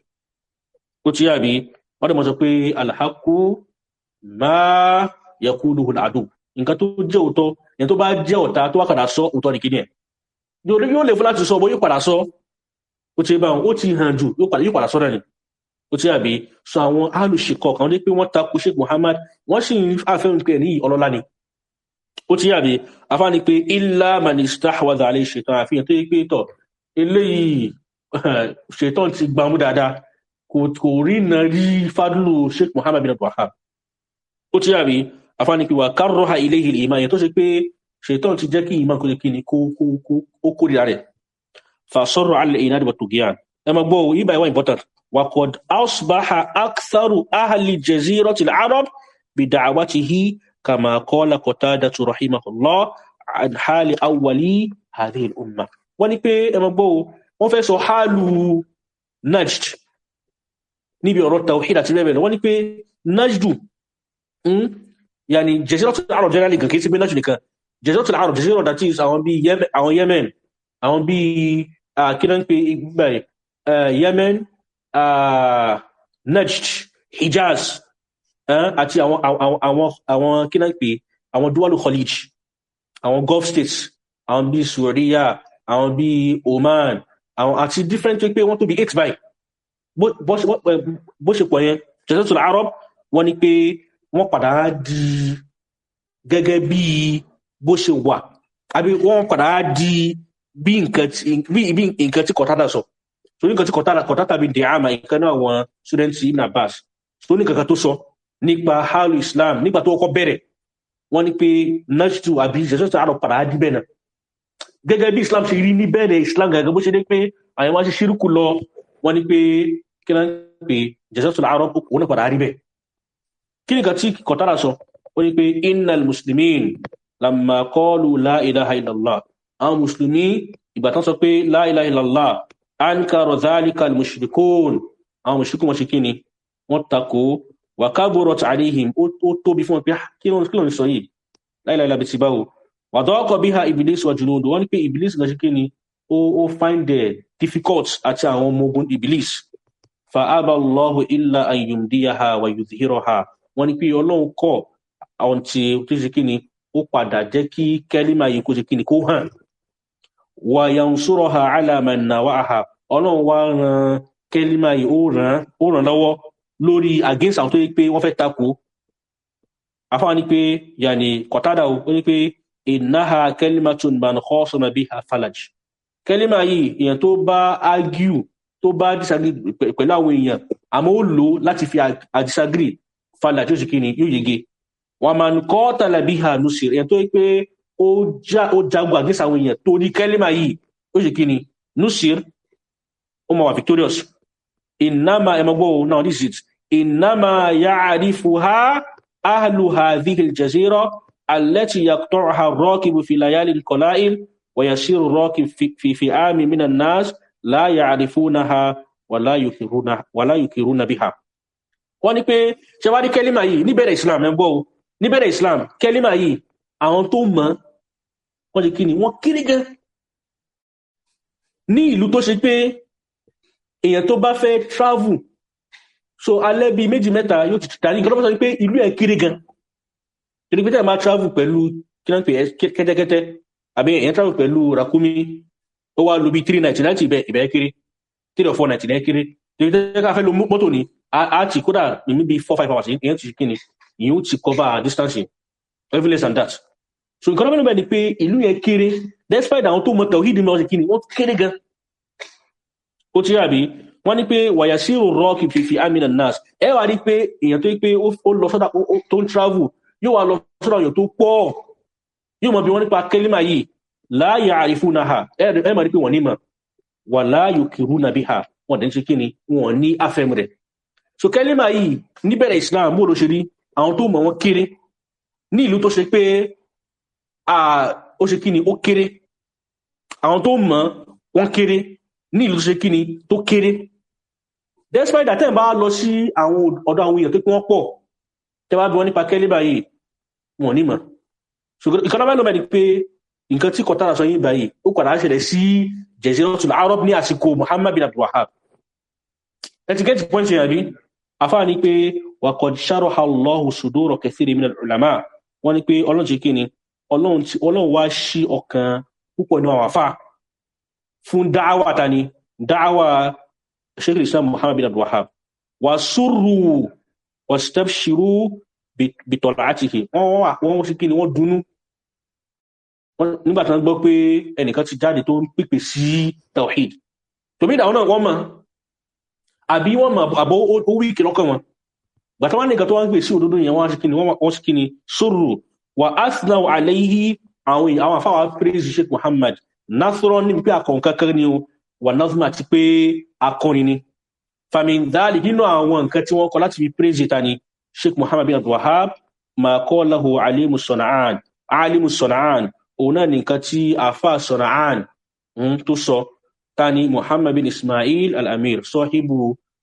ó ti yàbí wọ́n dẹ̀ sọ pé alhaku máa yẹkúlù àdù nǹkan tó jẹ́ òótọ́ ẹni tó bá jẹ́ ọ̀tá tó wá padà sọ òótọ́ nìkíní ẹ̀ yóò lè fún láti sọ bó yóò padà sọ ó ti bá wọn ó ti hàn jù yóò padà sọ́dọ̀ ni ó ti àbí sọ àwọn alùsìkọ̀ kan dé pé wọ́n takò Sheikh Muhammad wọ́n sì ń àfẹ́hùn pé ní ọlọ́lá ni ó ti àbí afáni pé illa man istahwadha alayhi shaitan àfihàn tó yẹ pé tọ̀ eléyìí shaitan ti gbámú dáadáa kò rí na rí fadúlù Sheikh Muhammad bin Abdul ó ti àbí afáni pé wà karraha ilayhi al-iman yẹn tó ṣe pé shaitan ti jẹ́ kí ìmọ̀ kò kí ni kó kórìíra rẹ̀ فأصروا على الإناد والطغيان أما بو إيبا يوين بطر وقد أصبح أكثر أهل جزيرة العرب بدعوته كما قال قتادة رحمه الله عن حال أولي هذه الأمة ونبي أما بو وفيسو حال نجد نبي أرى التوحيد أتبابل ونبي نجد يعني جزيرة العرب جنالي كيسي بنجد جزيرة العرب جزيرة that is àwọn bíi Yemen àwọn bíi Ah, kí ló ń pè ìgbà eh, Yemen ah, Najd Hijaz eh, àti àwọn kí ló ń pè àwọn duwalu Khalij àwọn Gulf states àwọn bí Saudiya àwọn be Oman àwọn àti different pé wọ́n tó bí 8 by but, but, pọ̀ yẹn Jaziratul Arab wọ́n ní pé wọ́n padà di gẹ́gẹ́ bí bó ṣe wà àbí wọ́n padà di bí nǹkan tí kọ̀tádà sọ tó ní nǹkan tí kọ̀tádà kọ̀tádà bí dẹ̀ àmà ìkan náà wọn ṣúdẹ́ntì ibn abbas tó ní kankan tó sọ nípa halu islam nígbà tó kọ́kọ́ bẹ̀rẹ̀ wọ́n ní pé najdu àbí jesus àrò padà á díbẹ̀ náà gẹ́gẹ́ bí islam ṣe rí ní bẹ̀rẹ̀ islam gẹ́gẹ́ bó ṣe dé pé àwọn wá ṣe ṣírùkù lọ wọ́n ní pé kí náà pé jesus àrò òun náà padà á rí kí nìkan tí kọ̀tádà sọ ó ní pé innal muslimin lamma qalu la ilaha illallah àwọn mùsùlùmí ìgbàtán sọ pé la ilaha illallah ankara zalika al-mushrikun àwọn mùsùlùmí wọ́n ṣe kí ni wọ́n takò wa kaburat alayhim ó tóbi fún wọn pé ah, kí ló ń sọ yìí la ilaha ti báwo wa daqa biha iblis wa junudu wọ́n ní ó padà jẹ́ kí kẹ́límà yìí kó ṣe kí ni kó hàn wà yansuraha ala man nawaha ọlọ́run wá ran kẹ́límà yìí ó ràn lọ́wọ́ lórí against àwọn tó yẹ pé wọ́n fẹ́ takò afáwọn ni pé yàní kọ̀tádà ó ní pé innaha kalimatun man khasama biha falaj kẹ́límà yìí èèyàn tó bá argue tó bá disagree pẹ̀lú àwọn èèyàn àmọ́ ó lò láti fi àdisagree falaj yóò sì kí ni yóò yege wa man qatala biha nusir èèyàn tó yẹ pé ó já ó jagun against àwọn èèyàn torí kẹ́límà yìí ó ṣe kí ni nusir ó ma wà victorious ìnáma ẹmọgbọ́ now this is ìnáma ya àrífù ha ahlu hadhihi al-jazira allati yaqta'uha ar-rakib fi layali al-qala'il wa yasiru ar-rakib fi fi'ami min an-nas la ya'rifunaha wa la yukiruna wa la yukiruna biha wọ́n ní pé ṣe wá ní kẹ́límà yìí níbẹ̀rẹ̀ islam ẹgbọ́ níbẹ̀rẹ̀ islam kẹ́límà yìí àwọn tó mọ̀ wọ́n ṣe kí ni wọ́n kéré gan ní ìlú tó ṣe pé èèyàn tó bá fẹ́ travel so alẹ́ bí méjì mẹ́ta yóò ti tà ní nǹkan tó sọ pé ìlú ẹ̀ kéré gan torí pé tẹ́ máa travel pẹ̀lú kẹ́tẹ́kẹ́tẹ́ àbí èèyàn travel pẹ̀lú rakumi ó wá lo bí 390 láti ibẹ̀ ìbẹ̀ kéré 3 or 490 kéré torí tẹ́ ká fẹ́ lo mọ́tò ni a ti kódà níbi 4-5 hours èèyàn ti kí ni ìyẹn ti cover distance every less than that so nǹkan mẹ́rin bẹ́ẹ̀ ni pé ìlú yẹn kéré despite àwọn tó mọ tẹ̀wíìdì náà ṣe ni wọ́n kéré gan ó ti rà bí wọ́n ní pé wàyàsírò rọ́ọ̀kì fífi amina nas ẹ wà rí pé èèyàn tó pé ó lọ sọ́dà tó ń travel yóò wà lọ sọ́dà èèyàn tó pọ̀ yóò mọ̀ bí wọ́n nípa kẹ́límà yìí láàyè àrífúnà ha ẹ mà rí pé wọ́n ní mọ̀ wà láàyò kìrú nàbí ha wọ́n dẹ̀ ń ṣe kí ni wọ́n ní afẹ́m rẹ̀ so kẹ́límà yìí níbẹ̀rẹ̀ Islam bó ló ṣe rí àwọn tó mọ̀ wọn kéré ní ìlú tó ṣe pé ó ṣe kí ni ó kéré àwọn tó mọ̀ wọ́n kéré ní ìlú ṣe kí ni tó kéré despite that time bá lọ sí àwọn ọ̀dọ̀ àwọn èèyàn tó pé wọ́n pọ̀ tẹ́ bá bí wọ́n nípa kẹ́lébà yìí wọ́n ní mọ̀ ṣùgbọ́n ìkọ́nà bẹ́ẹ̀ lọ́mọ ni pé nǹkan tí kọ̀tà sọ yìí báyìí ó padà ṣẹlẹ̀ sí Jaziratul Arab ní àsìkò Muhammad bin Abdul Wahhab etiquette point yẹn àbí afáà ni pé wa qad sharaha Allahu sudura kathiri min al-ulama wọ́n ní pé ọlọ́run ṣe ọlọ́run wá ṣí ọkàn púpọ̀ ní àwọn àfà fún dáwà ta ni dáwà sheikh islam muhammad bin abdul wahab wà sùúrù wastabshiru bitọ̀lá àti hì wọ́n wọ́n sí kí ni wọ́n dunú nígbà tí wọ́n gbọ́ pé ẹnìkan ti jáde tó ń pèpè sí tawhid tòmí ìdáwọn náà wọ́n mọ̀ àbí wọ́n mọ̀ àbọ̀ ó wíìkì lọ́kàn wọn gbàtà wọn nìkan tó wá ń pè sí òdodo yẹn wọ́n sí kí ni sùúrù wà asnaw alayhi àwọn àwọn àfáwà praise sheikh muhammad nasran ní pé akọ̀n kankan ni o wà nazma ti pé akọrin ni famin dhalik nínú àwọn nǹkan tí wọ́n kọ láti fi praise ta ni sheikh muhammad bin abdul wahab ma qalahu alimu sana'an alimu sana'an òun náà nìkan tí àfáà sana'an hmm, tó sọ tani muhammad bin ismail al-amir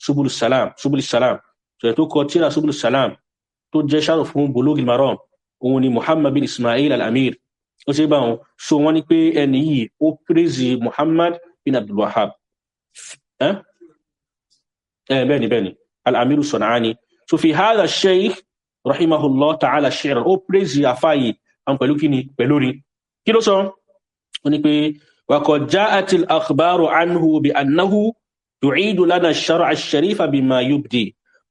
subul salam subul salam tó yẹ tó kọ tíra subul salam tó jẹ́ sáàrù fún bulugil maram òun ni muhammad bin ismail al-amir ó ṣe bá wọn so wọ́n ní pé ẹni yìí ó praise muhammad bin abdul wahab bẹ́ẹ̀ni bẹ́ẹ̀ni al-amir sọ̀nàání so fi hadha sheikh rahimahullah ta'ala shi'r ó praise afáyì àwọn pẹ̀lú kíni pẹ̀lú rí kí ló sọ ó ní pé وقد جاءت الأخبار عنه بأنه يعيد لنا الشرع الشريف بما يبدي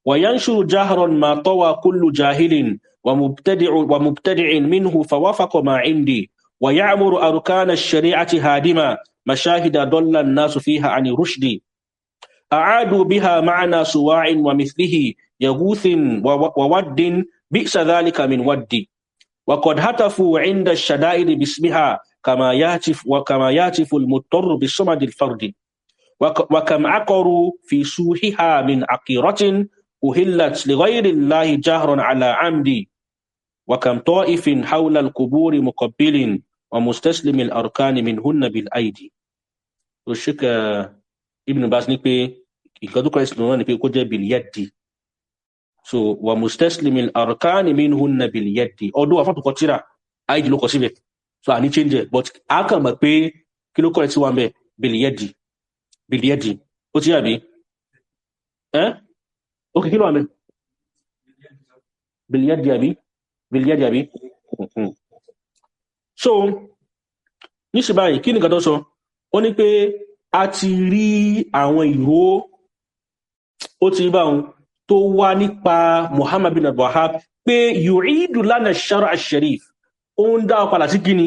وينشر جهرا ما طوى كل جاهل ومبتدع ومبتدع منه فوافق ما عندي ويعمر أركان الشريعة هادما مشاهد ضل الناس فيها عن رشدي أعادوا بها معنى سواع ومثله يغوث وود بئس ذلك من ود وقد هتفوا عند الشدائد باسمها كما يهتف وكما يهتف المضطر بصمد الفرد وكم عقروا في سوحها من عقيرة أهلت لغير الله جهر على عمدي وكم طائف حول القبور مقبل ومستسلم الاركان منهن بالايدي وشك ابن باز نيبي كادو كويس نوني باليد سو ومستسلم الاركان منهن باليد او دو افاتو كوتيرا ايدي لو كوسيبي سو اني تشينج بوت اكا ما بي كيلو كويس وامبي باليد باليد اوتيابي بي ها أه؟ اوكي كيلو امين باليد يا بي biljadi àbí mm-hmm. so níṣe báyìí kí nìkan tó sọ ó ní pé a ti rí àwọn ìró ó ti rí báwọn tó wá nípa Muhammad bin Abdu'l-Wahhab pé yuridu lana shara sharif ó ń dá ọpàlà sí kíni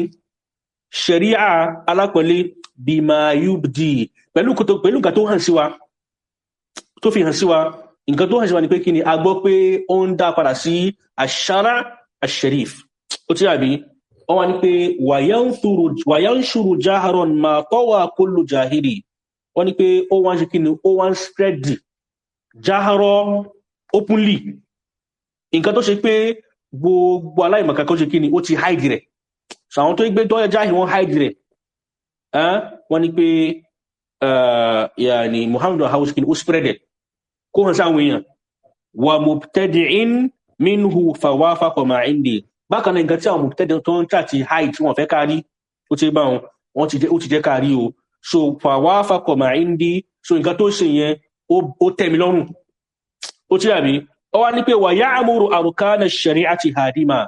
sharia alápẹ̀lẹ́ bima yubdi pẹ̀lú nǹkan tó hàn sí wa tó fi hàn sí wa nǹkan tó hàn sí wa ni pé kíni a gbọ́ pé ó ń dá padà sí àṣàrà الشريف. sharif ó tí àbí wọ́n wá ní pé wàyánṣúrù jáharọ̀n ma tọ́wà kólù jahiri wọ́n ní pé ó wá ń ṣe kí ni ó wá ń spread jáharọ̀ openly nǹkan tó ṣe pé gbogbo aláìmọ̀ká kó ṣe kí ni ó ti hide rẹ̀ ṣàwọn tó gbé tọ́yẹ jáhì wọ́n hide rẹ̀ wọ́n ní pé eh, yàní Muhammadu Hausa kí ni spread it kó hàn sáwọn èèyàn wà mubtadi'in minhu fawafaqa ma indi bákan náà nǹkan tí àwọn mọ̀tẹ́dẹ̀ tó ń tà ti hide tí wọ́n fẹ́ kárí ó ti bá wọn ó ti jẹ́ kárí o so fawafaqa ma indi so nǹkan tó ṣe yẹn ó tẹ́ mi lọ́rùn ó ti àbí ó wá ní pé wà ya'muru arkana shari'ati hadima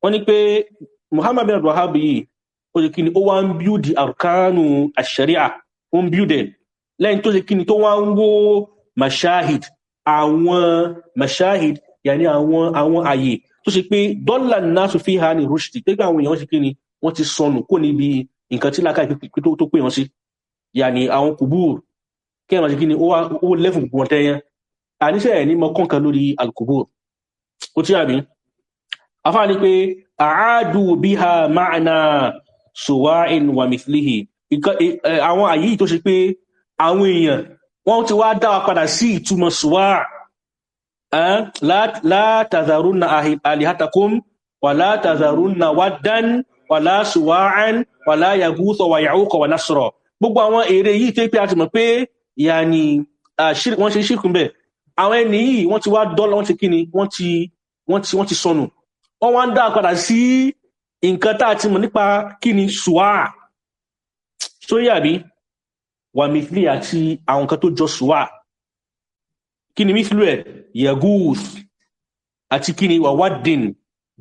wọ́n ní pé Muhammad bin Abdul yìí ó ṣe kíni ó wá ń bíúdì arkanu ash-shari'a ó ń bíúdẹ̀ lẹ́yìn tó ṣe kíni tó wá ń wó mashahid àwọn mashahid yàní àwọn àwọn àyè tó ṣe pé dọ́là náà sọ fi ha ní rúṣìtì pé àwọn èèyàn ṣe kí ni wọ́n ti sọnù kó níbi nǹkan tí lákàá ìpínpín tó pè wọ́n sí yàní àwọn kùbúùrù kí ẹ̀rọ ṣe kí ni ó lẹ́fùn gbogbo ọ̀tẹ́yẹn àníṣẹ́ ẹ̀ ní mọ́kànkan lórí alkùbúùrù ó tí àbí afá ní pé àádù bí ha ma'ana suwa'in wa mithlihi àwọn àyí tó ṣe pé àwọn èèyàn wọ́n ti wá dáwà padà sí ìtumọ̀ suwa' Eh? la, la tazarunna alihatakum wa la tazarunna waddan wa la suwa'an wa la yagutha wa ya'uqa wa nasra gbogbo àwọn ère yìí tó pé a ti mọ̀ pé yàní wọ́n ṣe ṣírkùn bẹ̀ àwọn ẹni yìí wọ́n ti wá dọ́là wọ́n ti kíni wọ́n ti wọ́n ti wọ́n ti sọnù wọ́n wá ń dá padà sí nǹkan tá ti mọ̀ nípa kíni suwa sórí àbí wàmífìlì àti àwọn nǹkan tó jọ suwa Kini e? ni mísìlú ẹ̀ yaguth àti kí ni wàwádìn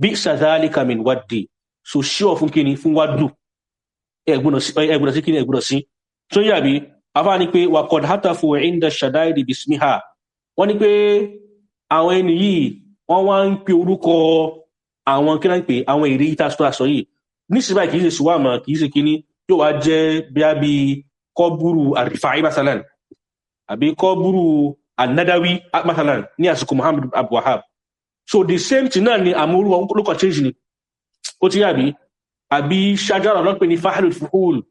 bí sàdálíkà min wádì so ṣíọ̀ fún kí ni fún wádù ẹgbùnà sí kí ni ẹgbùnà sí tó yàbí afá ni pé wàkọ̀d hátàfù ẹ̀yìndà ṣàdáìdì bismiha wọ́n ni pé àwọn ẹni yìí wọ́n wá ń pe orúkọ àwọn kí náà pé àwọn èrè yìí tàṣọ àṣọ yìí nísìnyí kìí ṣe ṣùwàmà kìí ṣe kíní yóò wá jẹ́ bí a bí kọ́búrú àrífà ibasalan àbí kọ́búrú anadawi matalan ní àsìkò muhammad abdulwahab so the same thing náà ni àmúrú olùkọ change ni ó ti yàbí àbí ṣájára lọ́pẹ́ ní fahal fuhul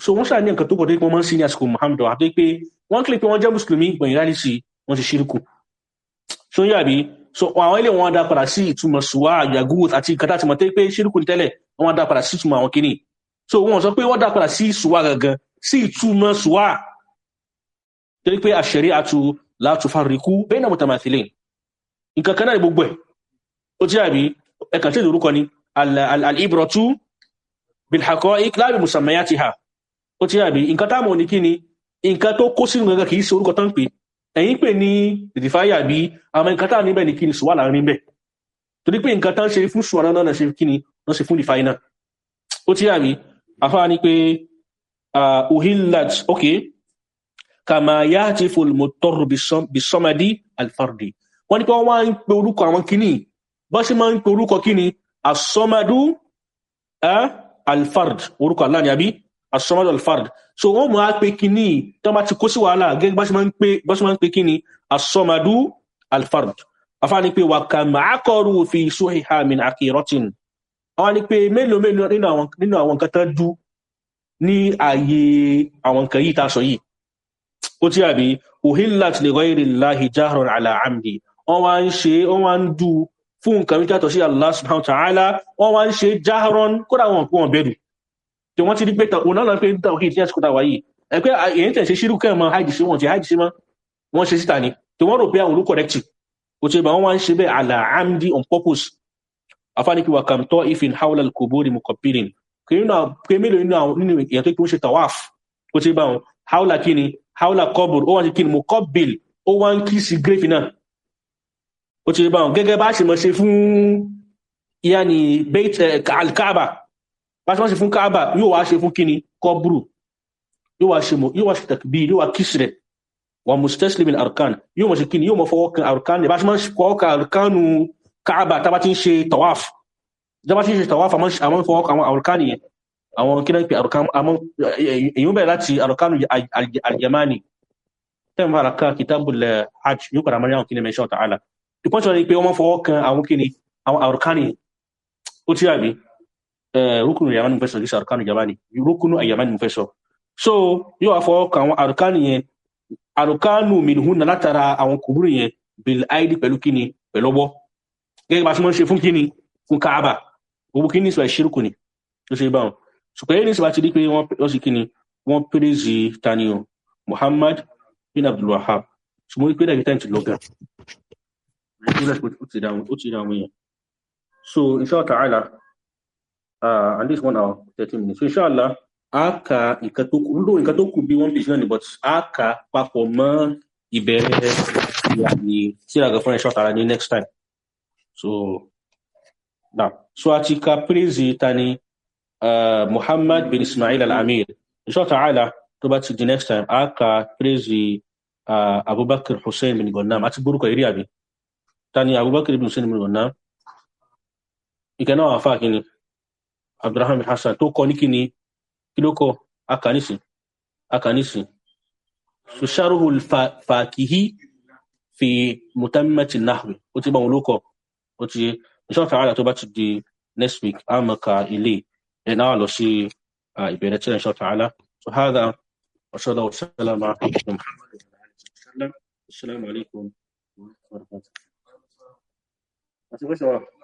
so wọ́n ṣàní nǹkan tó pọ̀ tó pé wọ́n sí ní àsìkò muhammad abdulwahab tó pé wọ́n kílè pé wọ́n jẹ́ mùsùlùmí but in reality wọ́n ti ṣírìkù so yàbí so àwọn ilé wọn dá padà sí ìtumọ̀ suwa yagut àti kata ti mọ̀ tó pé ṣírìkù ní tẹ́lẹ̀ wọ́n dá padà sí ìtumọ̀ àwọn kìíní so wọ́n sọ pé wọ́n dá padà sí suwa gangan sí ìtumọ̀ suwa torí pé tu la tufarriqu bayna mutamathilin nǹkan kan náà gbogbo ẹ̀ ó tí àbí ẹ̀kàn tí ìdúrúkọ ni al-ibratu bil haqa'iq la bi musammayatiha ó tí àbí nǹkan táàmù ní kí ni nǹkan tó kó sínú gangan kìí ṣe orúkọ tán pé ẹ̀yìn pè ní ìdìfáyà bí ni ṣùwà láàrin bẹ̀ torí pé nǹkan tán ṣe fún ṣùwà náà ṣe kí ni wọ́n kàmá yahtifu al-muttarru bis-samadi al-fardi wọ́n ní pé wọ́n máa ń pe orúkọ àwọn kíní bọ́ sí máa ń pe orúkọ kíní as-samadu orúkọ aláàni àbí as-samadu so wọ́n máa pe kíní tó bá ti kó sí wàhálà gẹ́gẹ́ bá sí máa ń pe kíní as fi suhiha min akiratin àwọn ni pé mélòó mélòó nínú àwọn nǹkan tán dú ó tí àbí uhillat li ghayri llahi jahran ala amdi wọ́n wá ń ṣe wọ́n wá ń dù fún nǹkan wí yàtọ̀ sí Allah subhanahu wa ta'ala wọ́n wá ń ṣe jahran kódà wọn kó wọn bẹ̀rù tí wọ́n ti rí pé òun náà lọ pé dáwọn kí ìtìyàsí kódà wáyé ẹgbẹ́ èyí tẹ̀ ṣe ṣírù kẹ́ẹ̀mọ́ háìdì sí wọn ti háìdì sí mọ́ wọ́n ṣe síta ni tí wọ́n rò pé àwọn olùkọ̀rẹ́kì kò tí ń ṣe kí nínú haula kọbùrù ó wá sí kí ni mo kọ́ bill ó wá ń kí sí gréfì náà ó ti bá wọn gẹ́gẹ́ bá ṣe mọ́ ṣe fún yáni bait eh, alkaaba bá ṣe mọ́ ṣe fún kaaba yóò wá ṣe fún kí ni kọbùrù yóò wá ṣe mọ́ yóò wá kí sí rẹ̀ wa mustaslim min arkan yóò mọ̀ sí kí ni yóò mọ̀ fọwọ́ mọ́ kaaba tá bá ti ń ṣe tawaf tá bá àwọn kí náà pé èyàn bẹ̀rẹ̀ láti àrùkánù aljamani tẹ́ mọ́ àràká kìtàbùlẹ̀ hajj yóò padà mọ́rí àwọn kí ní mẹ́ṣọ́ tààlà ìpọ́nṣọ́ ni pé wọ́n fọwọ́ kan àwọn kí ní àwọn àrùkánì ó tí àbí rúkùnù yamani fẹ́sọ̀ kìí àrùkánù yamani rúkùnù yamani fẹ́sọ̀ so yóò fọwọ́ kan àwọn àrùkánì yẹn àrùkánù mìnhún na látara àwọn kùbúrù yẹn bil aidi pẹ̀lú kí ni pẹ̀lú ọwọ́ gẹ́gẹ́ bá ṣe mọ́ ṣe fún kí ni fún káàbà gbogbo kí ni sọ ìṣirùkù ni ló ṣe báwọn ṣùgbọ́n yìí ní ìsìnbá ti rí pé wọ́n sì kíni wọ́n pérèzì tani o Muhammad bin Abdul Wahab ṣùgbọ́n wípé dàbí táìmù ti lọ gan ó ti dáwọn èèyàn so inshallah ta'ala uh, at one hour thirty minutes so inshallah a ka nǹkan tó kù ń lò nǹkan tó kù bí one ni but a ka papọ̀ mọ́ tí a gà fún ẹ̀ṣọ́ tààrà ní next time so now so a ti ka praise ta ni Uh, Muhammad bin Ismail al-Amir inshallah ta'ala tó bá ti di next time a ka praise uh, Abubakar Hussein bin Gannam àti burúkọ eré àbí ta ni Abubakar bin Hussein bin Gannam ìkẹ́ náà àfáà kí ni Abdurrahman bin Hassan tó kọ ní kí ni kí ló kọ akanisi akanisi so sharuhul fakihi fi mutammati nahwi ó ti bá wọn ló kọ ó ti inshallah tó bá ti di next week a maka ilé in all or she إن شاء الله تعالى وهذا وصلى الله وسلم على محمد وعلى آله وسلم السلام عليكم ورحمة الله